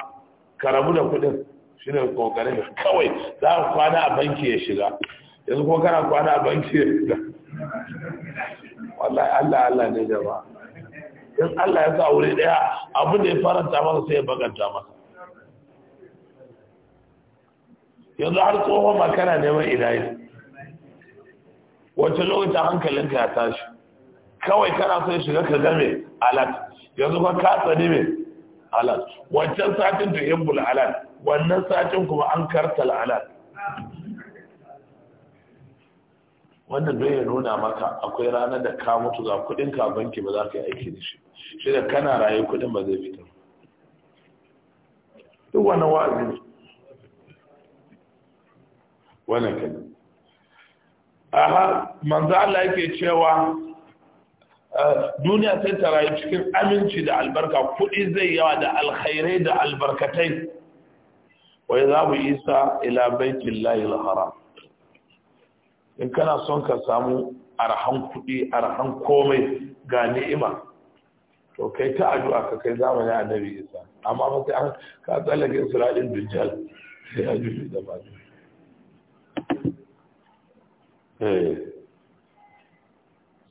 karamu da kudin shi ne kokarin kawai za a kwana a banki ya shiga yanzu ko kana kwana a banki ya shiga wallahi Allah Allah ne da ba. in Allah ya sa wuri daya abu da ya faranta masa sai ya baganta masa yanzu har tsohon makana neman ilahi wancan lokacin hankalinka ya tashi kawai kana so ya shiga ka game alat yanzu kuma ka tsani mai alat wancan satin to hibbul alat wannan satin kuma an karta alat wannan don ya nuna maka akwai ranar da ka mutu ga kudin ka banki ba za ka yi aiki da shi shi da kana raye kudin ba zai fita duk wannan wa'azi ne wannan kenan aha manzo Allah yake cewa eh, duniya sai ta rayu cikin aminci da albarka kuɗi zai yawa da alkhairai da albarkatai wai za mu isa ila baitin layil in kana son ka samu arhan kuɗi arhan komai ga ni'ima to kai ta addu'a ka kai zamanin annabi isa amma ba sai an ka tsallake isra'ilin dujjal sai <laughs> ya da ba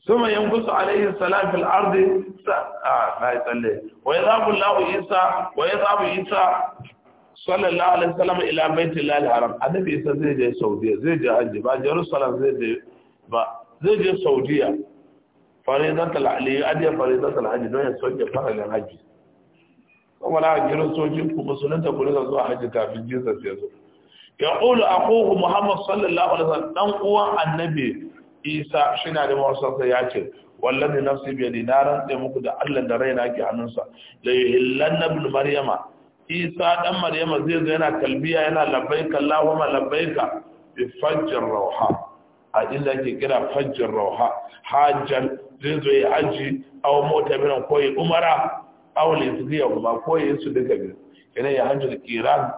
ثم ينقص عليه السلام في الأرض آه لا يصلي ويذهب الله عيسى ويذهب عيسى صلى الله عليه وسلم إلى بيت الله الحرام هذا في زي جاي سعودية زي جاي حج با جرسلم زي با زي جاي سعودية فريضة العلي أدي فريضة الحج دون يسوي فرق الحج ولا جرسوجي كمسلمة كلها زوا حج كافي جيسس يسوي a aquhu muhammad sallallahu alaihi wasallam ɗan uwan annabi isa shina da mawasarsa ya ce da nafsi bi yadi naran sai muku da Allah da raina ke hannunsa la yuhillanna ibn maryama isa ɗan maryama zai zo yana kalbiya yana labbaika allahumma labbaika bi fajjar Rauha a inda ke kira fajjar Rauha, hajjar zai zo yi aji wani mota biran koyi umara aw lisdiya kuma koyi su duka biyu yanayi ya iran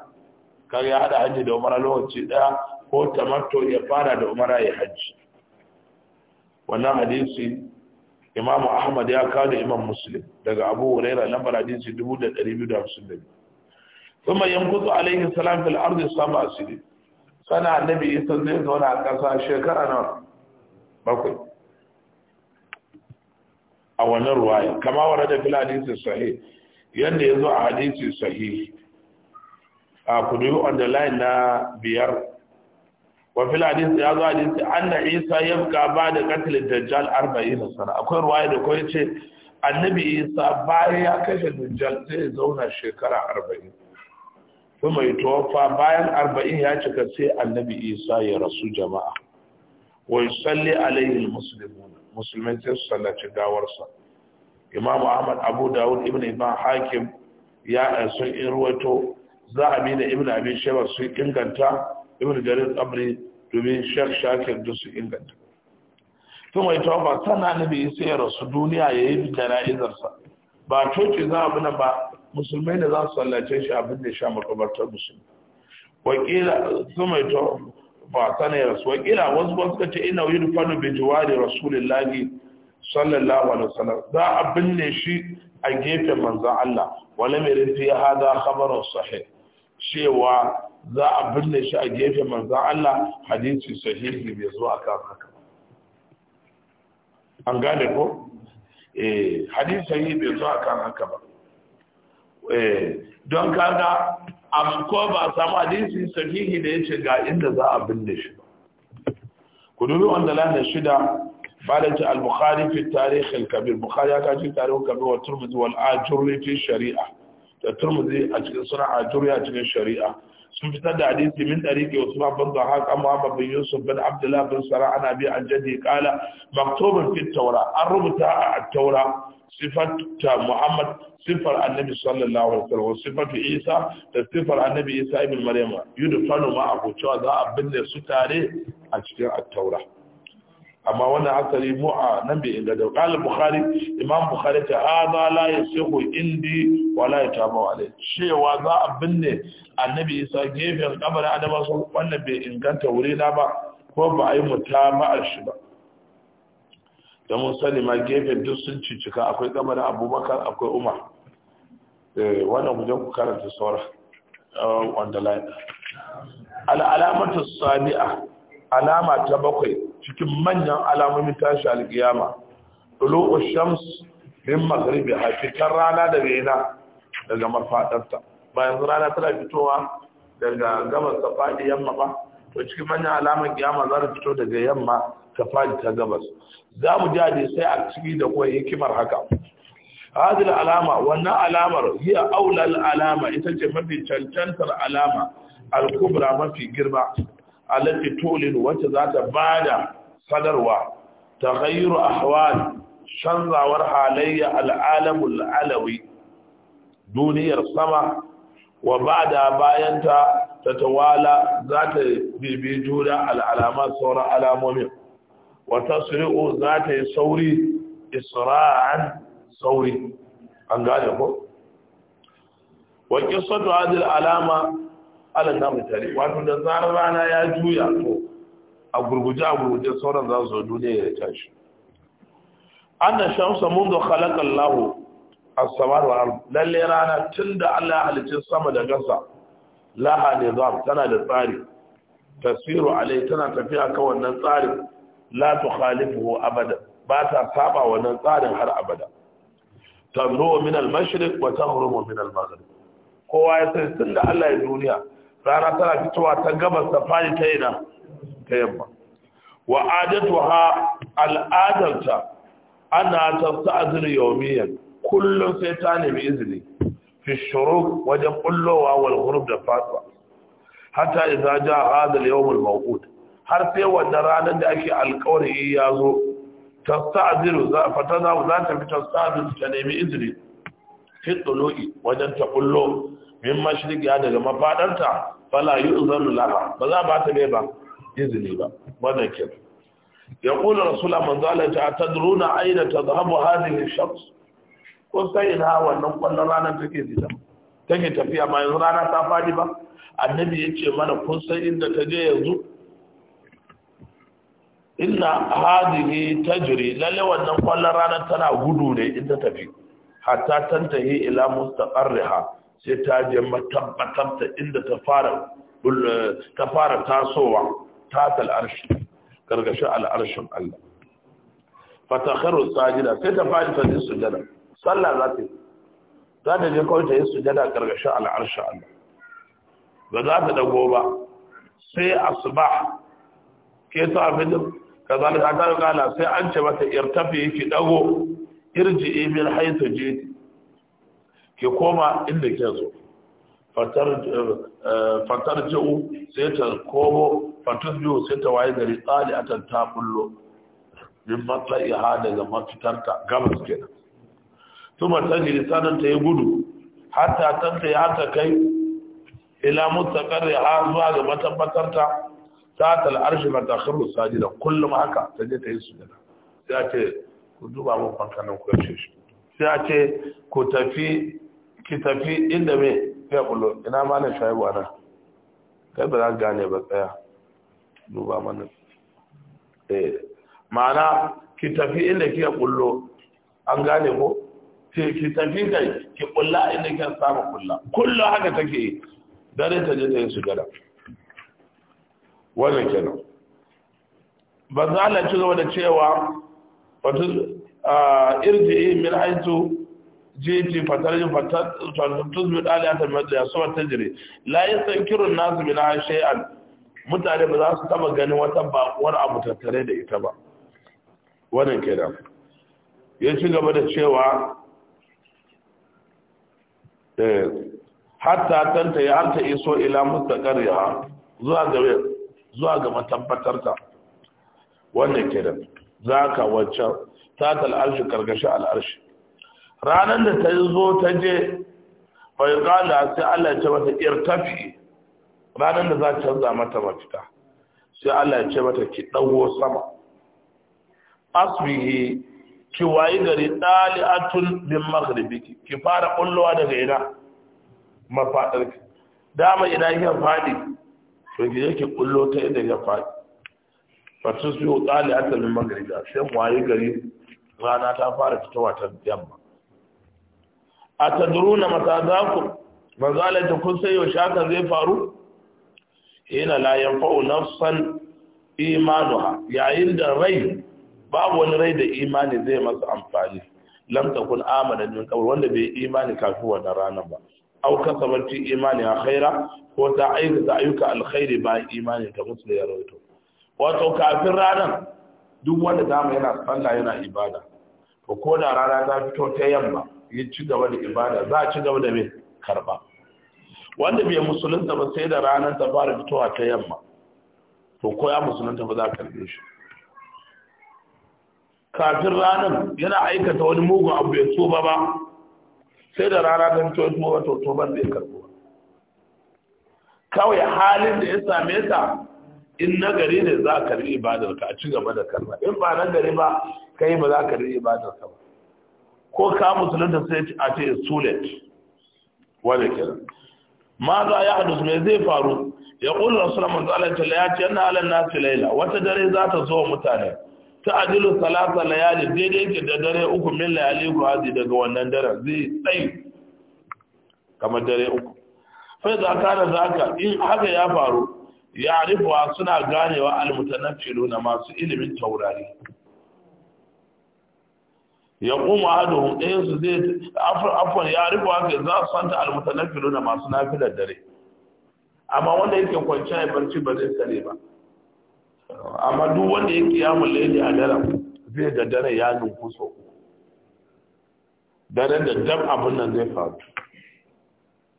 kaga ya hada hajji da umara lokaci daya ko tamatto ya fara da umara ya hajji wannan hadisi imamu ahmad ya kawo da imam muslim daga abu huraira lambar hadisi 2250 kuma yankutu alaihi salam fil ardi sama asiri sana annabi isa zai zauna a ƙasa shekara na bakwai a wannan ruwaya kama wa da fil hadisi sahih yadda ya zo a hadisi sahih a ku dubi on the line na biyar wa fil ya zo hadith anna isa yabka ba da qatl dajjal 40 sana akwai ruwaya da ko ce annabi isa bayan ya kashe dajjal sai zauna shekara arba'in. kuma ya fa bayan arba'in ya cika sai annabi isa ya rasu jama'a Wai salli alaihi almuslimun musulmi sai su sallaci gawarsa Imam ahmad abu dawud ibn ibn hakim ya eh, sun in ruwaito zahabi da ibn abin shaiba su inganta ibn jarir amri domin shek shakir da su inganta tun wai tana sana nabi sai ya rasu duniya ya yi jana'izarsa ba coci za a nan ba musulmai da za su sallace shi abin da sha makabartar musulmi wakila sun mai tawba sana ya rasu wakila wasu wasu ka ce ina yi rufanu bai jiwari rasulillahi sallallahu alaihi wasallam za a binne shi a gefen manzan Allah wala mai ya hada khabarun sahih cewa za a binne shi a gefe manzan Allah hadisi sahihi bai zo a kan haka an gane ko eh hadisi sahihi bai zo a kan haka ba eh don kaga am ko ba samu hadisi sahihi da yace ga inda za a binne shi ku dubi wanda lana shida بعد البخاري في التاريخ الكبير البخاري كان في التاريخ الكبير والترمذي والآجر في الشريعة da turmuzi a cikin suna a turiya cikin shari'a sun fitar da hadisi min dariki usman bin a an muhammad bin yusuf bin abdullah bin sara ana bi an jadi qala maktubun fi tawra an rubuta a tawra sifata muhammad sifar annabi sallallahu alaihi wasallam sifatu isa da sifar annabi isa ibn maryam yudfanu ma abu cewa za a binne su tare a cikin at-taura amma wannan asali mu'a nan bai inga da qala bukhari imam bukhari ta hada la yasihu indi wa la yatamu alai cewa za a binne annabi isa gefen kabarin adama sun wannan bai inganta wuri na ba ko ba a yi mutama'ar shi ba da mun sani ma gefen duk sun cicika akwai kabarin abubakar akwai umar eh, wannan gujen ku karanta saura eh, on the line al'alamatu sabi'a alama ta bakwai cikin manyan alamomin tashi alkiyama luu shams min maghribi ha fitar rana da rena daga mafadarta bayan rana tana fitowa daga gabas ta fadi yamma ba to cikin manyan alamomin kiyama za ta fito daga yamma ta fadi ta gabas za mu ji sai a ciki da kuwa hikimar haka هذه العلامة وانا علامة alama ita ce mafi ce mafi al kubra mafi mafi girma tulin wacce za ta bada. sadarwa ta gayyar ahwal canzawar halayya al’alamun alawi duniyar sama wa ba da bayanta ta tawala za ta bibi juna al’alama sauran alamomin wata suri'u za yi sauri isra'an sauri an gane ku wa ƙisar da alama alamun tare wato da zarar rana ya juya a gurguje a gurguje sauran za su duniya ya tashi annan shamsa mundu khalaqa Allah as-samawati wal ard lalle rana tunda Allah ya halicci sama da gasa laha nizam tana da tsari tasiru alai tana tafiya kan wannan tsarin la tukhalifuhu abada ba ta saba wannan tsarin har abada tanzo min al-mashriq wa tahrumu min al-maghrib kowa ya san tunda Allah ya duniya rana tana fitowa ta gabas ta fadi ta ina ta yamma wa adatuha al'adarta ana ta azri yawmiyan kullum sai ta nemi izini fi shuruq wajen kullowa wal ghurub da fatwa hatta idza jaa hadha al yawm al mawqut har sai wanda ranar da ake alƙawari ya zo ta za fa ta za ta fi ta nemi izini fi tulu'i wajen ta kullo min mashriqiya daga mafadarta fala yu'zanu laha ba za ba ta ne ba izini ba wannan kenan يقول رسول الله من قال تعتذرون أين تذهب shakhs. ko sai ina wannan kwallon rana take zita take tafiya ma yanzu rana ta fadi ba annabi yace mana kun san inda ta je yanzu inna hadhihi tajri lalle wannan kwallon rana tana gudu ne in ta tafi hatta tantahi ila mustaqarriha sai ta je matabbatar inda ta fara ta fara tasowa tatal arshi gargashin al'arshin Allah fatakharu sajida sai ta fadi ta yi sujada sallah za ta yi. za ta je kawai ta yi sujada gargashin al'arshin Allah ba za ta dago ba sai asbah ke ta abin kazalika ta ta kala sai an ce mata irtafi ki dago irji min haythu jiti ki koma inda ke zo fatar ji'u eh, sai ta komo fatar ji'u sai ta waye gari tsali a ta bullo min matsayi ha daga mafitarta gabas kenan tuma ta jiri sanan ta yi gudu hatta tanta ya ta kai ta mutakarri ha zuwa ga matabbatarta ta tal'arshi mata ta khirru da kullum haka ta je ta yi gina sai a ce ku duba mun fanka shi sai a ce ku tafi ki tafi inda me ya kullo ina ma na shaibu ana kai ba za ka gane ba tsaya duba mana eh ma'ana ki tafi inda ki ya kullo an gane ko sai ki tafi kai ki kulla inda ki samu kulla kullu haka take dare ta je ta yi sujada wannan kenan banza Allah ci gaba da cewa wato ah, irji min haitu jeji fatarjin fatarjin min aliyata matsaya su wata jire layin sankirun nasu bin shay'an mutane ba za su taba ganin wata bakuwar abu tattare da ita ba wannan ke da ya ci gaba da cewa hatta tanta ya harta iso ila mustaqarriha zuwa ga zuwa ga matabbatarta wannan kenan zaka wacce ta tal arshi karkashi al arshi ranar da ta zo ta je bai kala sai Allah ya ce mata irtafi ranar da za ta canza mata mafita sai Allah ya ce mata ki dawo sama asbihi ki wayi gari dali'atun min maghribiki ki fara kullowa daga ina mafadarki dama ina yin fadi to ki je ki kullo ta inda ya fadi fatu su dali'atun maghribi sai wayi gari rana ta fara fitowa ta yamma a tadruna mata za ku manzalar da kun shaka zai faru yana layan fa'o nafsan imanuha yayin da rai babu wani rai da imani zai masa amfani lam takun amana min qabl wanda bai imani kafin wannan ranar ba au kasabat fi imani khaira ko ta aikata ayyuka alkhairi ba imani ta musu da rawaito wato kafin ranar duk wanda dama yana sallah yana ibada to ko da rana ta fito ta yamma ya ci gaba da ibada za a ci gaba da mai karba wanda bai musulunta ba sai da ranar ta fara fitowa ta yamma to ko ya musulunta ba za a karbe shi kafin ranar yana aikata wani mugun abu ya tsoba ba sai da rana ta fito tsoba to tuban zai karbo kawai halin da ya same ta in na gari ne za a karbi ibadar ka a ci gaba da karba in ba na gari ba kai ba za a karbi ibadar ka ba ko ka musulunta sai a ce sulet wanda kira ma za ya hadu mai zai faru ya ƙuri rasulun manzo Allah ta ya ce yana halar nasu laila wata dare za ta zo mutane ta ajilu salasa layali daidai ke da dare uku min layali ku hazi daga wannan daren zai tsayi kamar dare uku fai za ka da zaka in haka ya faru ya arifuwa suna ganewa filo na masu ilimin taurari ya kuma ahaduhum ɗayan su zai afwan ya rufe haka za su santa almutanaffilu na masu nafilar dare amma wanda yake kwanci a barci ba zai tsare ba amma duk wanda yake ya ne a dara zai da dare ya nufu so dare da dab abin nan zai faru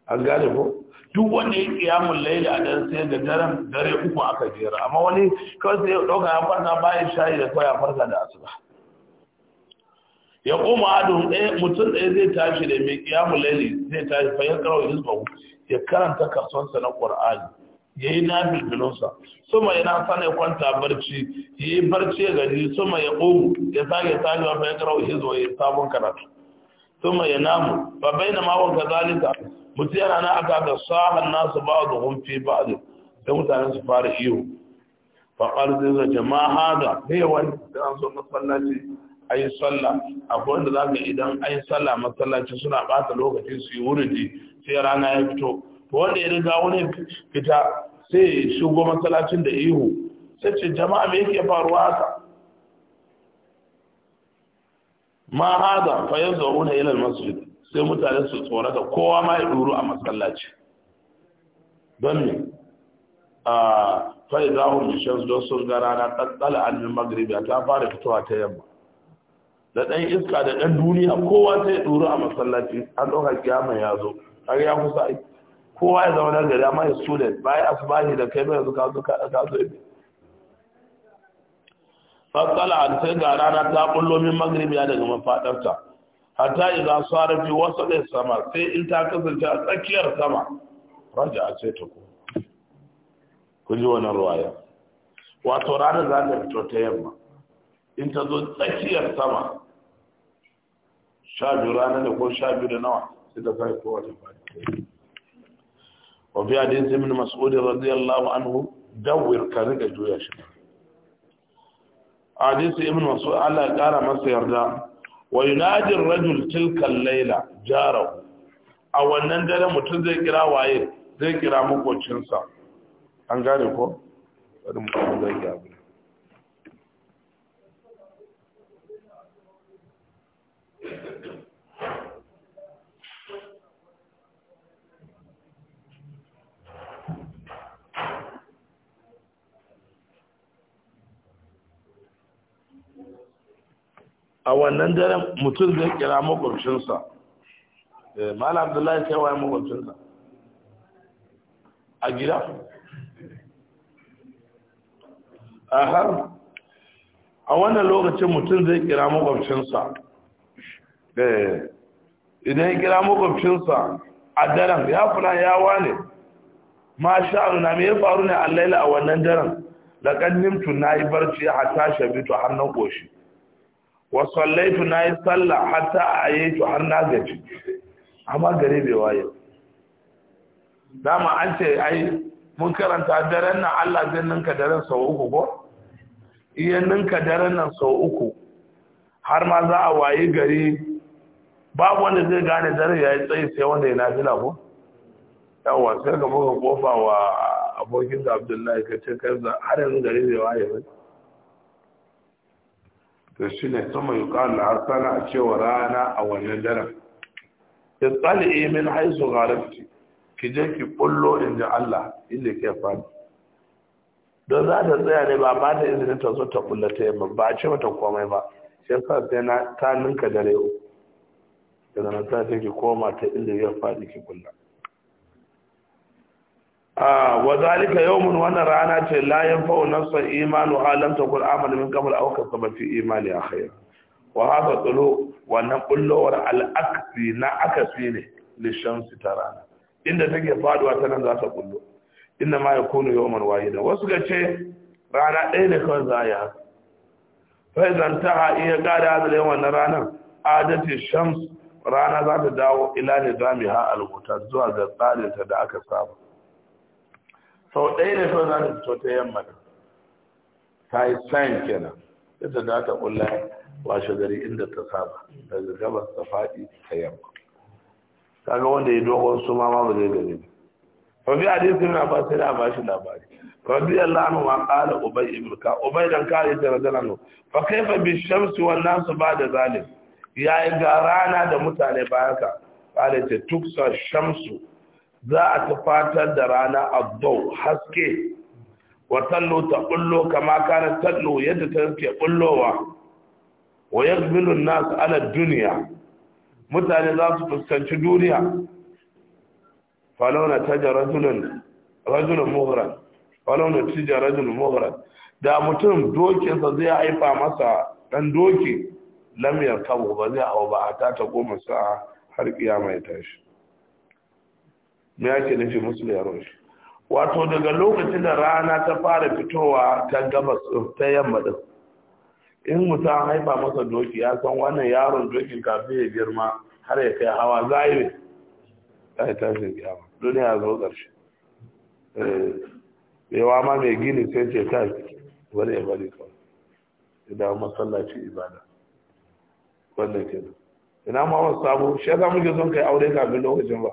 an gane ko duk wanda ya kiyamun laili a dan sai da dare dare uku aka jera amma wani kawai sai ya dauka ya farka bayan shayi da kawai ya farka da asuba ya koma adun ɗaya mutum ɗaya zai tashi da mai kiyamu laili zai tashi fa ya karawa ya karanta kasuwansa na qur'ani ya yi na filfilinsa suma yana sana ya kwanta barci ya yi barci ya gaji suma ya ƙogu ya sake tashi fa ya karawa hizbahu ya sabon karatu suma ya namu fa bai na mawon ka zalika mutum yana na aka ga sahan nasu ba da fi ba da sai mutane su fara iyo fa ƙarfi zai jama'a da bai wani da an so masallaci ayi sallah akwai wanda za idan ayi salla sallah masallaci suna bata lokaci su yi wuridi sai rana ya fito to wanda ya riga wani fita sai ya shigo masallacin da ihu sai ce jama'a me yake faruwa haka ma hada fa yazuruna ila almasjid sai mutane su tsorata kowa ma ya duru a masallaci don ne a fa shams don sun ga rana tsala al ta fara fitowa ta yamma da ɗan iska da ɗan duniya kowa sai ɗuru a masallaci an ɗauka kiyama ya zo har ya kusa kowa ya zama nan gari amma ya student bayan asibahi da kai mai yanzu zuka da ka zo ibi fasala an sai ga rana ta kullo min magribi ya daga mafaɗarta hatta idan sara fi wasu ɗaya sama sai in ta kasance a tsakiyar sama raja a ce ta ku ku ji wannan ruwaya wato ranar za ta fito ta yamma in ta zo tsakiyar sama sha biyu ranar da ko sha biyu da nawa sai ta fara kowa ta fara wafi hadisi min mas'ud radiyallahu anhu dawwir ka riga juya shi hadisi min mas'ud Allah ya kara masa yarda wa yunadi ar-rajul tilka layla jarahu a wannan dare mutum zai kira waye zai kira makocinsa an gane ko bari mu zai kira a wannan daren mutum zai kira makwabcinsa eh, malam abdullahi sai waye makwabcinsa a gida a har a wannan lokacin mutum zai kira makwabcinsa eh, idan ya kira makwabcinsa a daren ya funa yawa ne ma na me ya faru ne a laila a wannan daren nimtu na yi barci a tashi bitu har na ƙoshi wa sallaitu na yi sallah hatta a yi har na gaji amma gare bai waye dama an ce ai mun karanta daren nan Allah zai ninka daren sau uku ko iya ninka daren nan sau uku har ma za a waye gari babu wanda zai gane daren ya yi tsayi sai wanda ya nafila ko yawa sai ka buga kofa wa abokin da abdullahi ka ce kai har yanzu gari bai waye ba to shi ne sama yi da harsana a cewa rana a wannan daren ya tsali min haisu ki je ki kullo in ji Allah inda ke faɗi don za ta tsaya ne ba ba ta izinin ta zo ta kulla ta yamma ba a ce mata komai ba shi yasa sai na ta ninka dare uku daga na ta take koma ta inda ya faɗi ki kulla Ah, wa zalika yawmun wannan rana ce la yanfa'u nafsan imanu halam takul amana min qabl aw kasaba fi imani akhir wa hadha tulu wannan kullowar al-aksi na akasi ne lishamsi ta rana inda take faduwa ta nan za ta kullo inna ma yakunu yawman wahida wasu ga ce rana ɗaya ne kawai za a yi haka fa zantaha iya gada hadal yawan na ranar adati shams rana za ta dawo ila nizamiha al-mutar zuwa ga tsarinta da aka saba sau ɗaya ne sau za ta fito ta yamma ta yi sayan kenan yadda za ta ƙulla washe gari inda ta saba daga gabas ta faɗi ta yamma kaga wanda ya dogon su ma ba zai gare ne rabi hadisi na ba sai da ba shi labari bi Allah anhu ma qala ubay ibn ka ubay dan ka yi darajar no fa kaifa bi shamsi wan nas ba'da zalim yayi ga rana da mutane bayan ka qala ta tuksa shamsu za a fatar da rana abdau haske wa tallo ta bullo kama kana tallo yadda ta ke bullowa wa yaqbilu nas ala dunya mutane za su fuskanci duniya falona taja rajulun rajulun muhran da mutum dokinsa zai haifa masa ɗan doki lam yarkabu ba zai hawa ba a ta ta goma sa har kiyama ya tashi me ake nufi musu da yaron shi wato daga lokacin da rana ta fara fitowa ta gabas eh, ta yamma din in mutum haifa masa doki ya san wannan yaron dokin kafin ya girma har ya kai hawa za ta yi tashin kiyama duniya ya zo ƙarshe eh, yawa ma mai gini sai ce ta wani ya bari kawai idan masallaci ibada wannan kenan ina ma wasu samu shi ya muke son kai aure kafin lokacin ba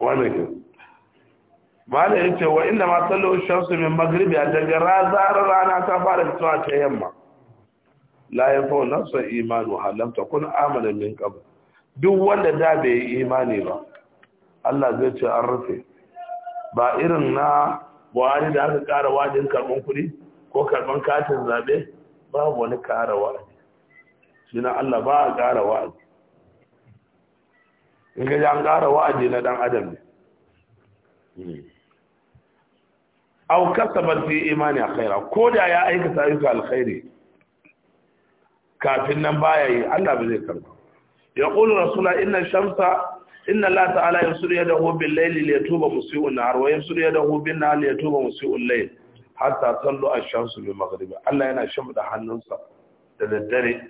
wani bala ya ce wa inda ma sallo shamsu min magribi a daga razar rana ta fara fitowa ta yamma la ya fa nafsa imanu halamta kun amana min qabl duk wanda da bai yi imani ba Allah zai ce an rufe ba irin na buhari da aka kara wajin karban kuɗi ko karban katin zabe babu wani kara shi na Allah ba a kara wa'adi in ga an ƙara wa'adi na dan adam ne au kasabar fi imani khaira ko da ya aikata ayyuka alkhairi kafin nan baya yi Allah ba zai karba ya qulu rasula inna shamsa inna Allah ta'ala yusri yadahu bil layli liyatuba musii'un nahar wa yusri yadahu bin nahar liyatuba musii'un layl hatta tallu ash-shamsu bil maghribi Allah yana da hannunsa da daddare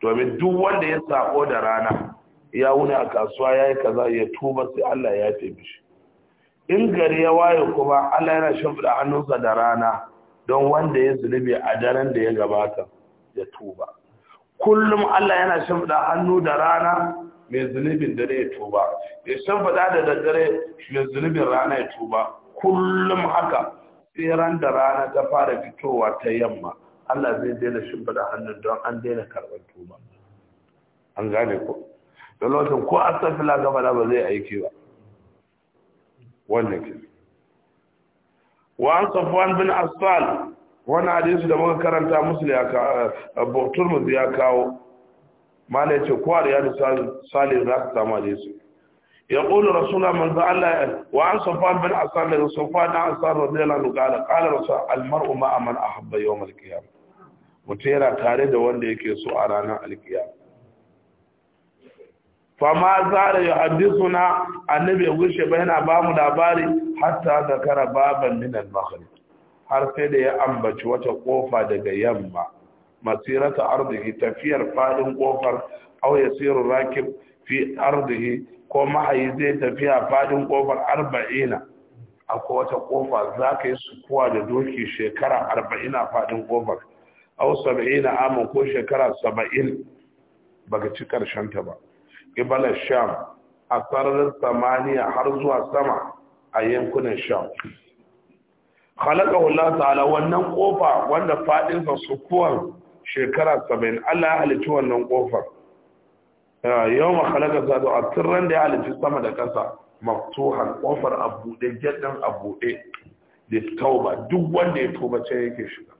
domin duk wanda ya sako da rana ya wuni a kasuwa ya yi kaza ya tuba sai Allah ya tafi mishi in gari ya waye kuma Allah yana shimfiɗa hannunsa da rana don wanda ya zunubi a daren da ya gabata ya tuba kullum Allah yana shimfiɗa hannu da rana mai zunubin dare ya tuba ya shimfiɗa da daddare mai zunubin rana ya tuba kullum haka tseren da rana ta fara fitowa ta yamma Allah zai daina shimfiɗa hannun don an daina karɓar tuba an gane ko da lokacin ko astagfirullah ka faɗa ba zai aiki ba wannan ke wa an safwan bin asfal wani hadisi da muka karanta musul ya kawo turmus ya kawo mana ce ko ya da salih za ka samu hadisi ya qulu rasulullah man za Allah wa an safwan bin asfal da safwan da asfal radiyallahu anhu qala qala rasul al mar'u ma man ahabba yawm al qiyamah mutum yana tare da wanda yake so a ranar alkiyama fama zara ya haddisu na annabi ya gushe ba yana ba mu labari hatta da kara baban minan makari har sai da ya ambaci wata kofa daga yamma masirata arziki tafiyar fadin kofar au ya siru rakib fi arziki ko mahayi zai tafiya fadin kofar arba'ina akwai wata kofa za ka yi sukuwa da doki shekara arba'ina fadin kofar au saba'ina amon ko shekara saba'in baka ci karshen ta ba kibala sham a sararin samaniya har zuwa sama a yankunan sham halaka Allah ta'ala wannan kofa wanda faɗinsa kuwan shekara saba'in Allah ya halici wannan kofar yau ma khalaka sadu a tirran da ya halici sama da ƙasa maktuhan kofar a buɗe gyaɗin a buɗe da tauba duk wanda ya tuba sai yake shiga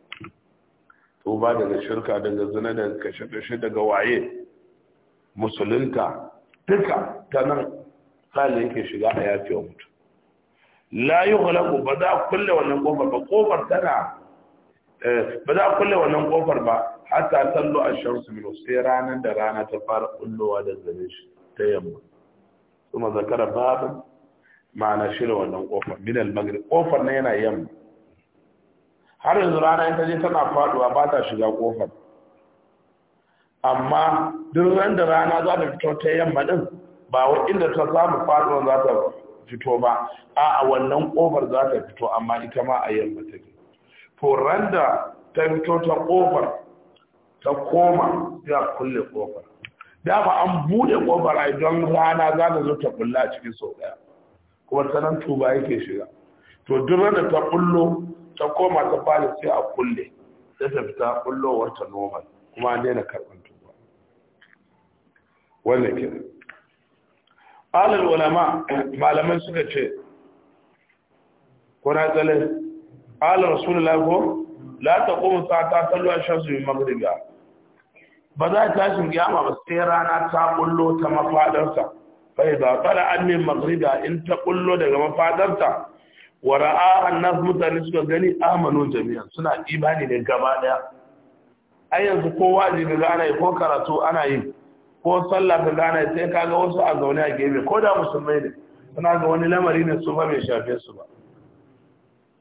tuba daga shirka daga zina daga kashe-kashe daga waye musulunta duka ta nan halin yake shiga a yafi wa mutu la yi hulaku ba za a kulle wannan kofar ba kofar tana eh, ba za a kulle wannan kofar ba hata tallo a shamsu milo sai ranar da rana ta fara kullowa da zane shi ta yamma kuma zakara babu ma'ana shirin wannan kofar minal magrib kofar na yana yamma har yanzu rana in ta je tana faduwa ba ta shiga kofar amma duk ran da rana za ta fito ta yamma din ba wa inda ta samu faɗuwa za ta fito ba a a wannan ƙofar za ta fito amma ita ma a yamma ke to ran da ta fito ta ƙofar ta koma ya kulle ƙofar ba an buɗe ƙofar a don rana za ta zo ta kulla a cikin sau ɗaya kuma ta nan tuba yake shiga to duk ran da ta kullo ta koma ta fara sai a kulle sai ta fita kullowar ta normal kuma an daina karɓa wannan kenan alal ulama malaman suka ce kuna tsalle alal rasulullah ko la taqumu sa'ata tallu ash-shamsu min maghribiha ba za ta tashin kiyama ba sai rana ta kullo ta mafadarsa fa idza tala min maghribiha in ta kullo daga mafadarta wa ra'a annas mutane suka gani amanu jami'an suna imani ne gaba daya ai yanzu kowa ji ga ana yi ko karatu ana yi ko sallah ka gane sai ka ga wasu a zaune a gebe ko da musulmai ne suna ga wani lamari ne su ba mai shafe su ba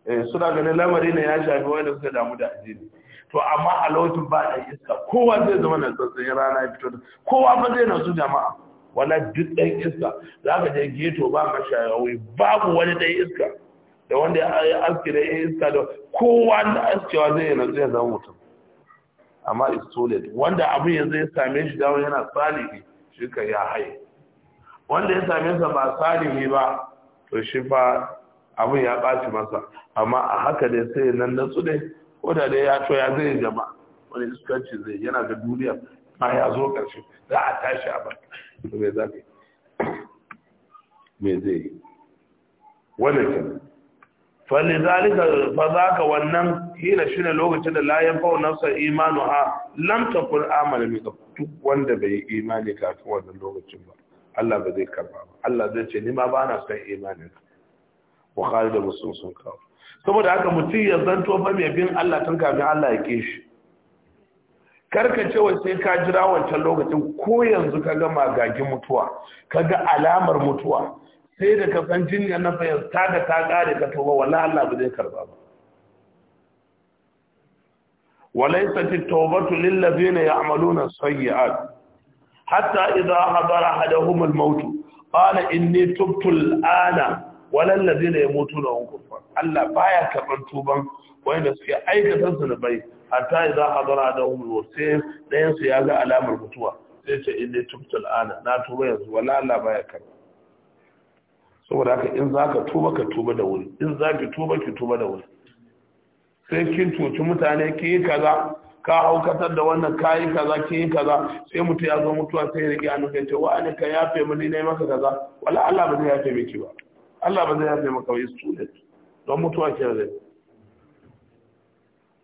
eh suna ganin lamari ne ya shafi wanda suka damu da addini to amma a lokacin ba da iska kowa zai zama na tsatsin rana fito kowa ba zai nasu jama'a wala duk ɗan iska za ka je geto ba shayawai babu wani ɗan iska da wanda ya aski da iska da kowa da askewa zai yi nasu ya zama mutum amma is solid wanda abun yanzu ya same shi dawo yana salihi shi ka ya haye wanda ya same sa ba salihi ba to shi fa abun ya baci masa amma a haka dai sai nan da tsude koda da dai ya to ya zai gaba wani iskanci zai yana da duniya ma ya zo ƙarshe za a tashi a ba <coughs> me zai me zai wannan kenan falizalika fa wannan hina shine lokacin da layan yanfa'u nafsa imanuha lam takun amana duk wanda bai imani kafin wannan lokacin ba Allah ba zai karba ba Allah zai ce ni ma ba na san imanin Bukhari da Muslim sun kawo saboda haka mutum ya zanto fa mai bin Allah tun kafin Allah ya ke shi karkacewa sai ka jira wancan lokacin ko yanzu ka gama magagin mutuwa ka ga alamar mutuwa sai da kasan jinya na fayar ta da ta kare ka tauba wala Allah ba zai karba ba walaysa at-tawbatu lil-ladhina ya'maluna as-sayyi'at hatta idha hadara ahaduhum al-maut qala inni tubtu al-ana wala alladhina yamutuna wa hum Allah baya karban tuban wanda suke aikata sun bai hatta idha hadara ahaduhum al-maut dayan su ya ga alamar mutuwa sai ce inni tubtu al-ana na tuba yanzu wala Allah baya karba. saboda haka in za ka tuba ka tuba da wuri in za ki tuba ki tuba da wuri sai kin cuci mutane ki yi kaza ka aukatar da wannan ka yi kaza ki yi kaza sai mutum ya zo mutuwa sai ya rike a nufin ce wa ne ka yafe na ne maka kaza wala Allah ba zai yafe miki ba Allah ba zai yafe maka wai student don mutuwa ke zai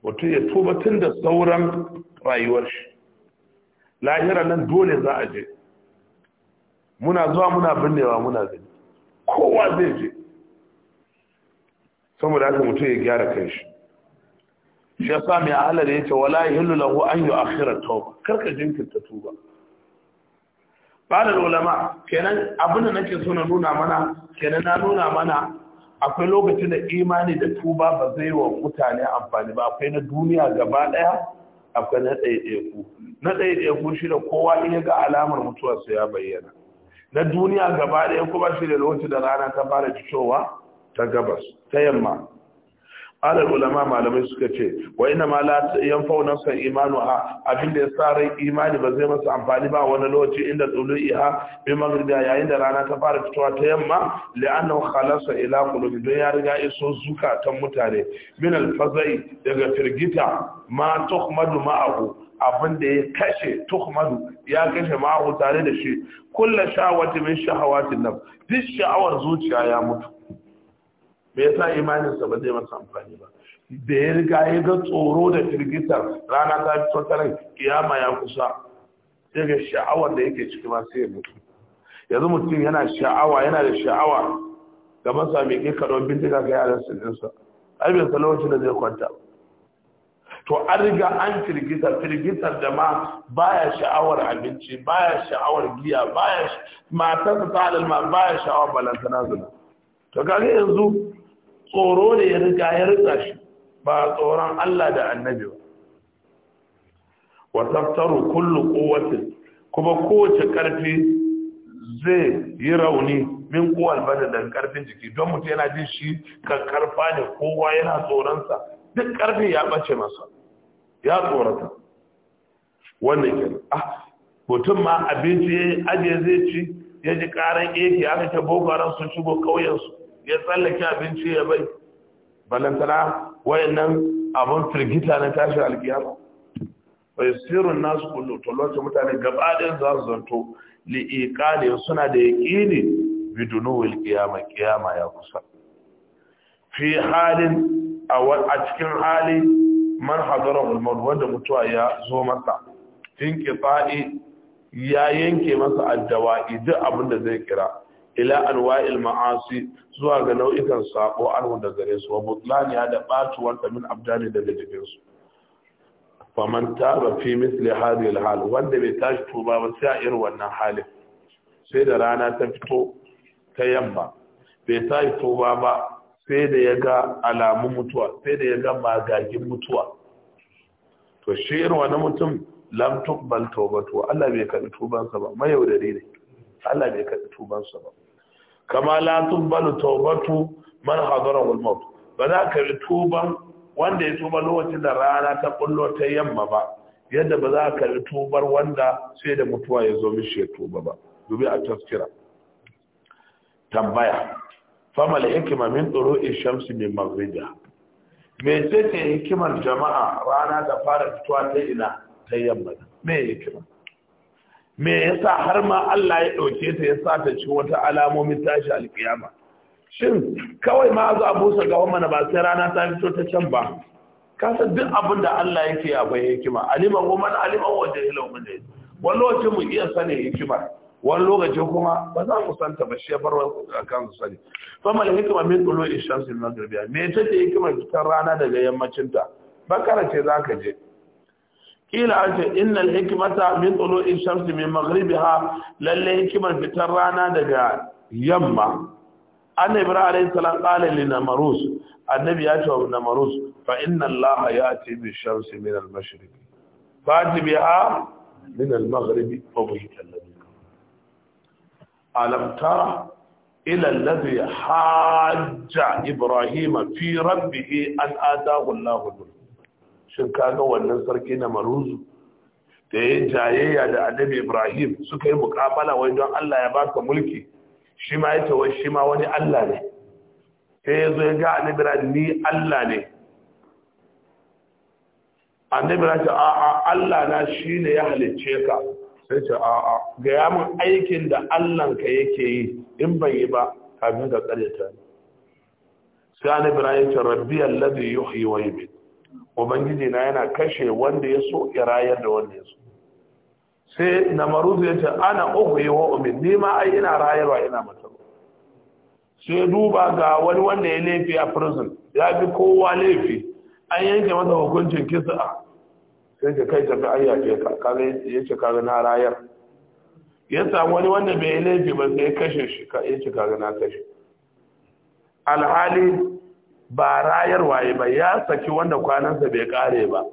mutum ya tuba tun da sauran rayuwar shi lahira nan dole za a je muna zuwa muna binnewa muna gani kowa zai je saboda haka mutum ya gyara kai shi shi ya sami a halar ya ce wala yi hillu lahu an yi akhirar tauba karka jinkirta tuba da ulama kenan abin da nake so na nuna mana kenan na nuna mana akwai lokacin da imani da tuba ba zai wa mutane amfani ba akwai na duniya gaba ɗaya akwai na ɗaiɗaiku na ɗaiɗaiku shi da kowa iya ga alamar mutuwarsa ya bayyana na duniya gaba ɗaya kuma shi da lokacin da rana ta fara fitowa ta gabas ta yamma ala ulama malamai suka ce wa ina ma la fauna sa imanu a abin da ya sa rai imani ba zai masa amfani ba wani lokaci inda tsulu'i ha bi magribiya yayin da rana ta fara fitowa ta yamma li'annahu khalasa ila qulubi don ya riga iso zuka tan mutane min al-fazai daga firgita ma tuhmadu ma'ahu abin da ya kashe tuhmadu ya kashe ma'ahu tare da shi kulla sha'awati min shahawatin duk sha'awar zuciya ya mutu me yasa imanin sa ba zai masa amfani ba da ya riga ya ga tsoro da firgitar rana ta fito ta rai kiyama ya kusa Daga sha'awar da yake ciki ma sai ya mutu yanzu mutum yana sha'awa yana da sha'awa ga masa mai kai don bindiga ga yaran sa ai bai san lokacin da zai kwanta ba to an riga an firgizar firgitar da ma baya sha'awar abinci baya sha'awar giya baya matar ta halal baya sha'awar balantana zuwa to kaga yanzu tsoro ne ya riga ya rika shi ba tsoron Allah da annabi ba wa taftaru kullu quwwatin kuma kowace karfi zai yi rauni min kowal bada da karfin jiki don mutum yana jin shi kan karfa ne kowa yana tsoronsa duk karfin ya bace masa ya tsorata wannan ke, ah mutum ma abinci ya aje zai ci ya ji karan eki aka ta bogaran sun shigo ƙauyensu ya tsallake abinci ya bai balantana wayannan abin firgita na tashi alkiyama bai sirrin nasu kullu to lokacin mutane gabaɗin za su zanto li'iƙali suna da yaƙini bidunuwil qiyama qiyama ya kusa fi halin a cikin hali man hadara ulmar wanda mutuwa ya zo masa fin kifa'i ya yanke masa addawa'i duk abin da zai kira ila anwa'il ma'asi zuwa ga nau'ikan sako anhu da gare su wa butlani ya da batuwar min abdani da jikin su man taba fi misli hadhihi al-hal wanda bai tashi tuba ba sai a irin wannan halin sai da rana ta fito ta yamma bai tashi tuba ba sai da ya ga alamun mutuwa sai da ya ga magagin mutuwa to shi irin wani mutum lam tuqbal Allah bai karbi tubansa ba mayaudari ne Allah bai karbi tubansa ba kama la tuqbalu tawbatu man hadara wal maut ba za ka bi tuban wanda ya tuba lokacin da rana ta kullo ta yamma ba yadda ba za ka bi tubar wanda sai da mutuwa ya zo mishi ya tuba ba dubi a taskira tambaya famal hikima min tsoro shamsi min magrida me ce ce hikimar jama'a rana da fara fitowa ta ina ta yamma me hikima me yasa har ma Allah ya ɗauke ta ya sa ta ci wata alamomin tashi alkiyama shin kawai ma za a busa ga mana ba sai rana ta fito ta can ba ka san duk abin da Allah yake akwai hikima aliman woman aliman wajen ilmin ne wani mu iya sanin hikimar wani lokacin kuma ba za mu santa ba shi ya bar a kan su sani famal hikima min ɗulo ishamsu min magribiya me ta ce hikimar fitar rana daga yammacinta bakara ce za ka je kila an ce innal hikimata min ɗulo ishamsu min ha lalle hikimar fitar rana daga yamma annabi ibrahim alayhi salam qala li namarus annabi ya ce wa namarus fa inna allaha yati bi shamsi min al mashriq fati biha min al maghribi fa buhita tara ila haja hajja ibrahim fi rabbihi an adahu allah shin kaga wannan sarki na maruzu da ya jayayya da annabi ibrahim suka yi mukabala wai don Allah ya baka mulki shi ma yace wai shi ma wani Allah ne sai yazo ya ga annabi ni Allah ne annabi ce a a Allah na shine ya halicce ka sai ce a'a gaya mun aikin da ka yake yi in ban yi ba kafin ka tsare ta ni sai an ibrahim ce rabbi alladhi yuhyi wa yumit ubangiji na yana kashe wanda ya so ya rayar da wanda ya so sai namaruz ya ce ana uhyi wa umiit ni ma ai ina rayarwa ina mutum sai duba ga wani wanda ya laifi a prison ya fi kowa laifi an yanke masa hukuncin kisa sai ka kai tafi ce ka kaga yace kaga na rayar ya samu wani wanda bai yi laifi ba sai kashe shi ka yace kaga na kashe alhali ba rayar waye ba ya saki wanda kwanansa bai kare ba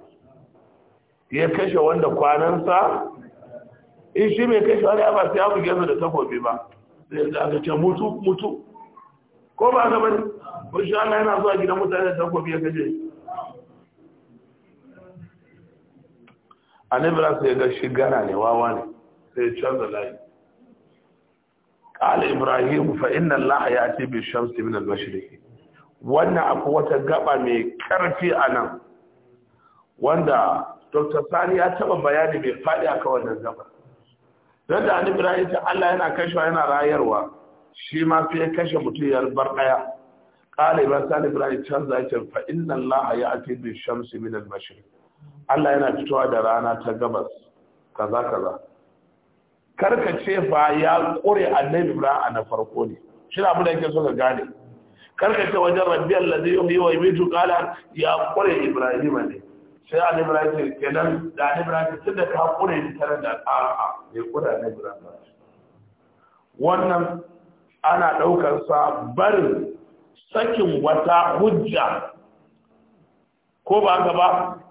ya kashe wanda kwanansa in shi mai kashe wani ba sai ya buge su da takobi ba sai da aka ce mutu mutu ko ba ga bane ko shi Allah yana zuwa gidan mutane da takobi ya kashe annabi rasu ya ga shi ne wawa ne sai canza layi qala ibrahim fa inna allaha ya'ti bi shamsi min al-mashriq wannan akwai wata gaba mai karfi anan wanda dr sani ya taba bayani mai faɗi a wannan gaba don da annabi ibrahim ta Allah yana kashewa yana rayarwa shi ma sai ya kashe mutum ya bar ɗaya. qala ibrahim sani ibrahim canza ya ce fa inna allaha ya'ti bi shamsi min al-mashriq Allah yana fitowa da rana ta gabas kaza kaza Karka ce ba ya kure annabi Ibrahim na farko ne shi abu da yake so ka gane Karka ce wajen rabbi ladhi yuhyi wa yumitu qala ya kure Ibrahim ne sai annabi Ibrahim ce kenan da annabi Ibrahim tun da ka kure ni tare da a ne kure annabi Ibrahim wannan ana daukar sa barin sakin wata hujja ko ba haka ba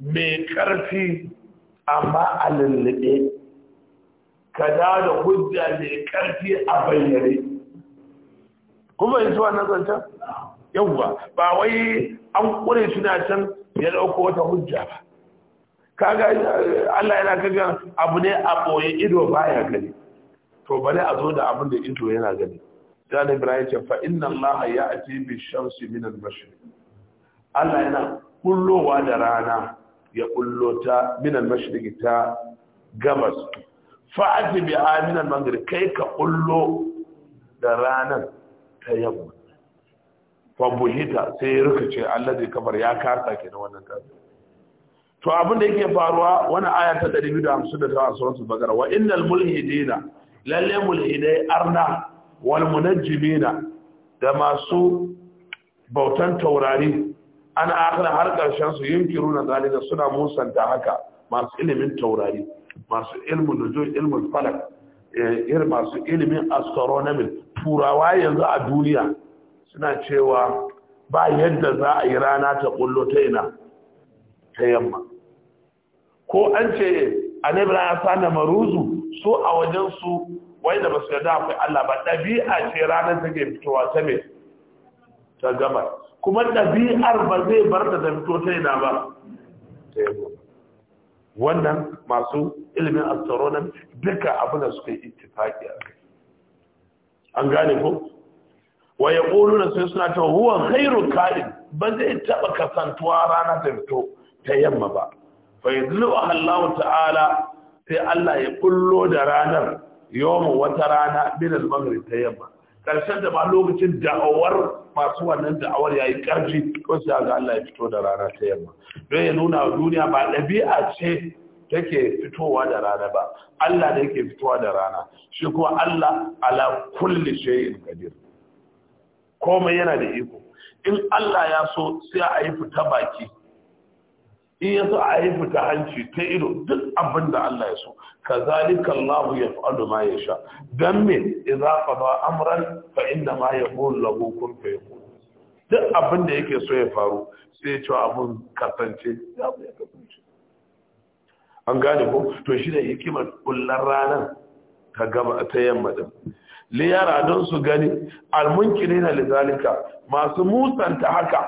mai ƙarfi amma a lullube ka da da hujja mai ƙarfi a bayyare kuma yanzu wannan zancen yawwa ba wai an ƙure suna can ya ɗauko wata hujja ba kaga Allah yana kaga abu ne a ɓoye ido baya gani to bane a zo da abin da ido yana gani dan Ibrahim ce fa inna Allah ya'ti bi shamsi min al-mashriq Allah yana kullowa da rana ya kullo ta minan al-mashriq ta gabas fa'ati bi a minan maghrib kai ka kullo da ranar ta yamma fa buhita sai Allah alladhi kamar ya kasa kenan wannan kafir to abin da yake faruwa wani aya ta 250 a suratul baqara wa innal mulhidina lalle mulhidai arna wal munajjimina da masu bautan taurari ana akhira har ƙarshen su yunkiru na zalika suna musanta haka masu ilimin taurari masu ilimin nujum ilimin falak eh, ir masu ilimin astronomi. turawa yanzu a duniya suna cewa ba yadda za a yi rana ta kullo ta ina ta yamma ko an ce annabi ya na maruzu so a wajensu wai da basu yarda akwai Allah ba ɗabi'a ce ranar take fitowa ta mai ta gaba kuma ɗabi'ar ba zai bar da ta fito ta ba wannan masu ilimin astronom duka abin da suka yi ittifaki a an gane ko wa ya na sai suna ta huwa khairu ka'in ba zai taɓa kasantuwa rana ta fito ta yamma ba fa yadlu Allah ta'ala sai Allah ya kullo da ranar yawon wata rana bin al ta yamma Karshen da ba lokacin da'awar masu wannan da'awar yayi yi ƙarfi ko sai ga Allah ya fito da rana ta yamma don ya nuna wa duniya ba ɗabi'a ce take fitowa da rana ba Allah da yake fitowa da rana shi kuma Allah ala kulli shay'in qadir komai yana da iko in Allah ya so sai a yi fita baki in ya so a yi fita hanci ta ido duk abin da Allah ya so ka zalika Allah ya fa'alu ma ya sha dan me idza qada amran fa inna ma yaqul lahu kun fayakun duk abin da yake so ya faru sai ya ce abun kasance ya ya kasance an gane ko to shi da hikimar kullar ranar ta gaba ta yamma din liyara don su gani almunkirina lizalika masu musanta haka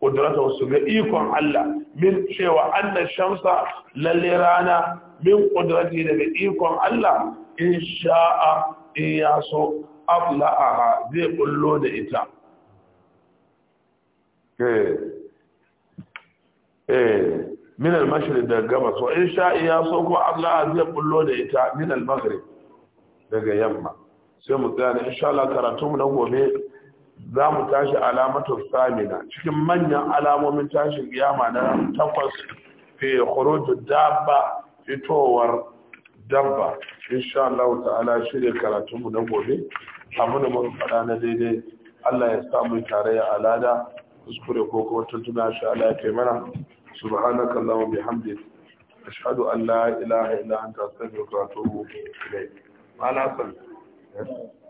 kudrata wasu ga ikon Allah min cewa annan shamsa lalle rana min kudrati daga ikon Allah in sha'a in ya so abla'aha zai bullo da ita min al-mashriq da gabas wa in sha'a ya so ko abla'a zai bullo da ita min al-maghrib daga yamma sai mu tsaya insha Allah karatu mu na gobe za mu tashi alamatar samina cikin manyan alamomin tashin kiyama na takwas fi khuruju dabba fitowar dabba insha Allah ta'ala shirye karatun mu na gobe abin da muka faɗa na daidai Allah ya samu tarayya alada kuskure ko kuma tuntuna shi Allah ya kai mana subhanakallahumma bihamdika ashhadu an la ilaha illa anta astaghfiruka wa atubu ilayk mala san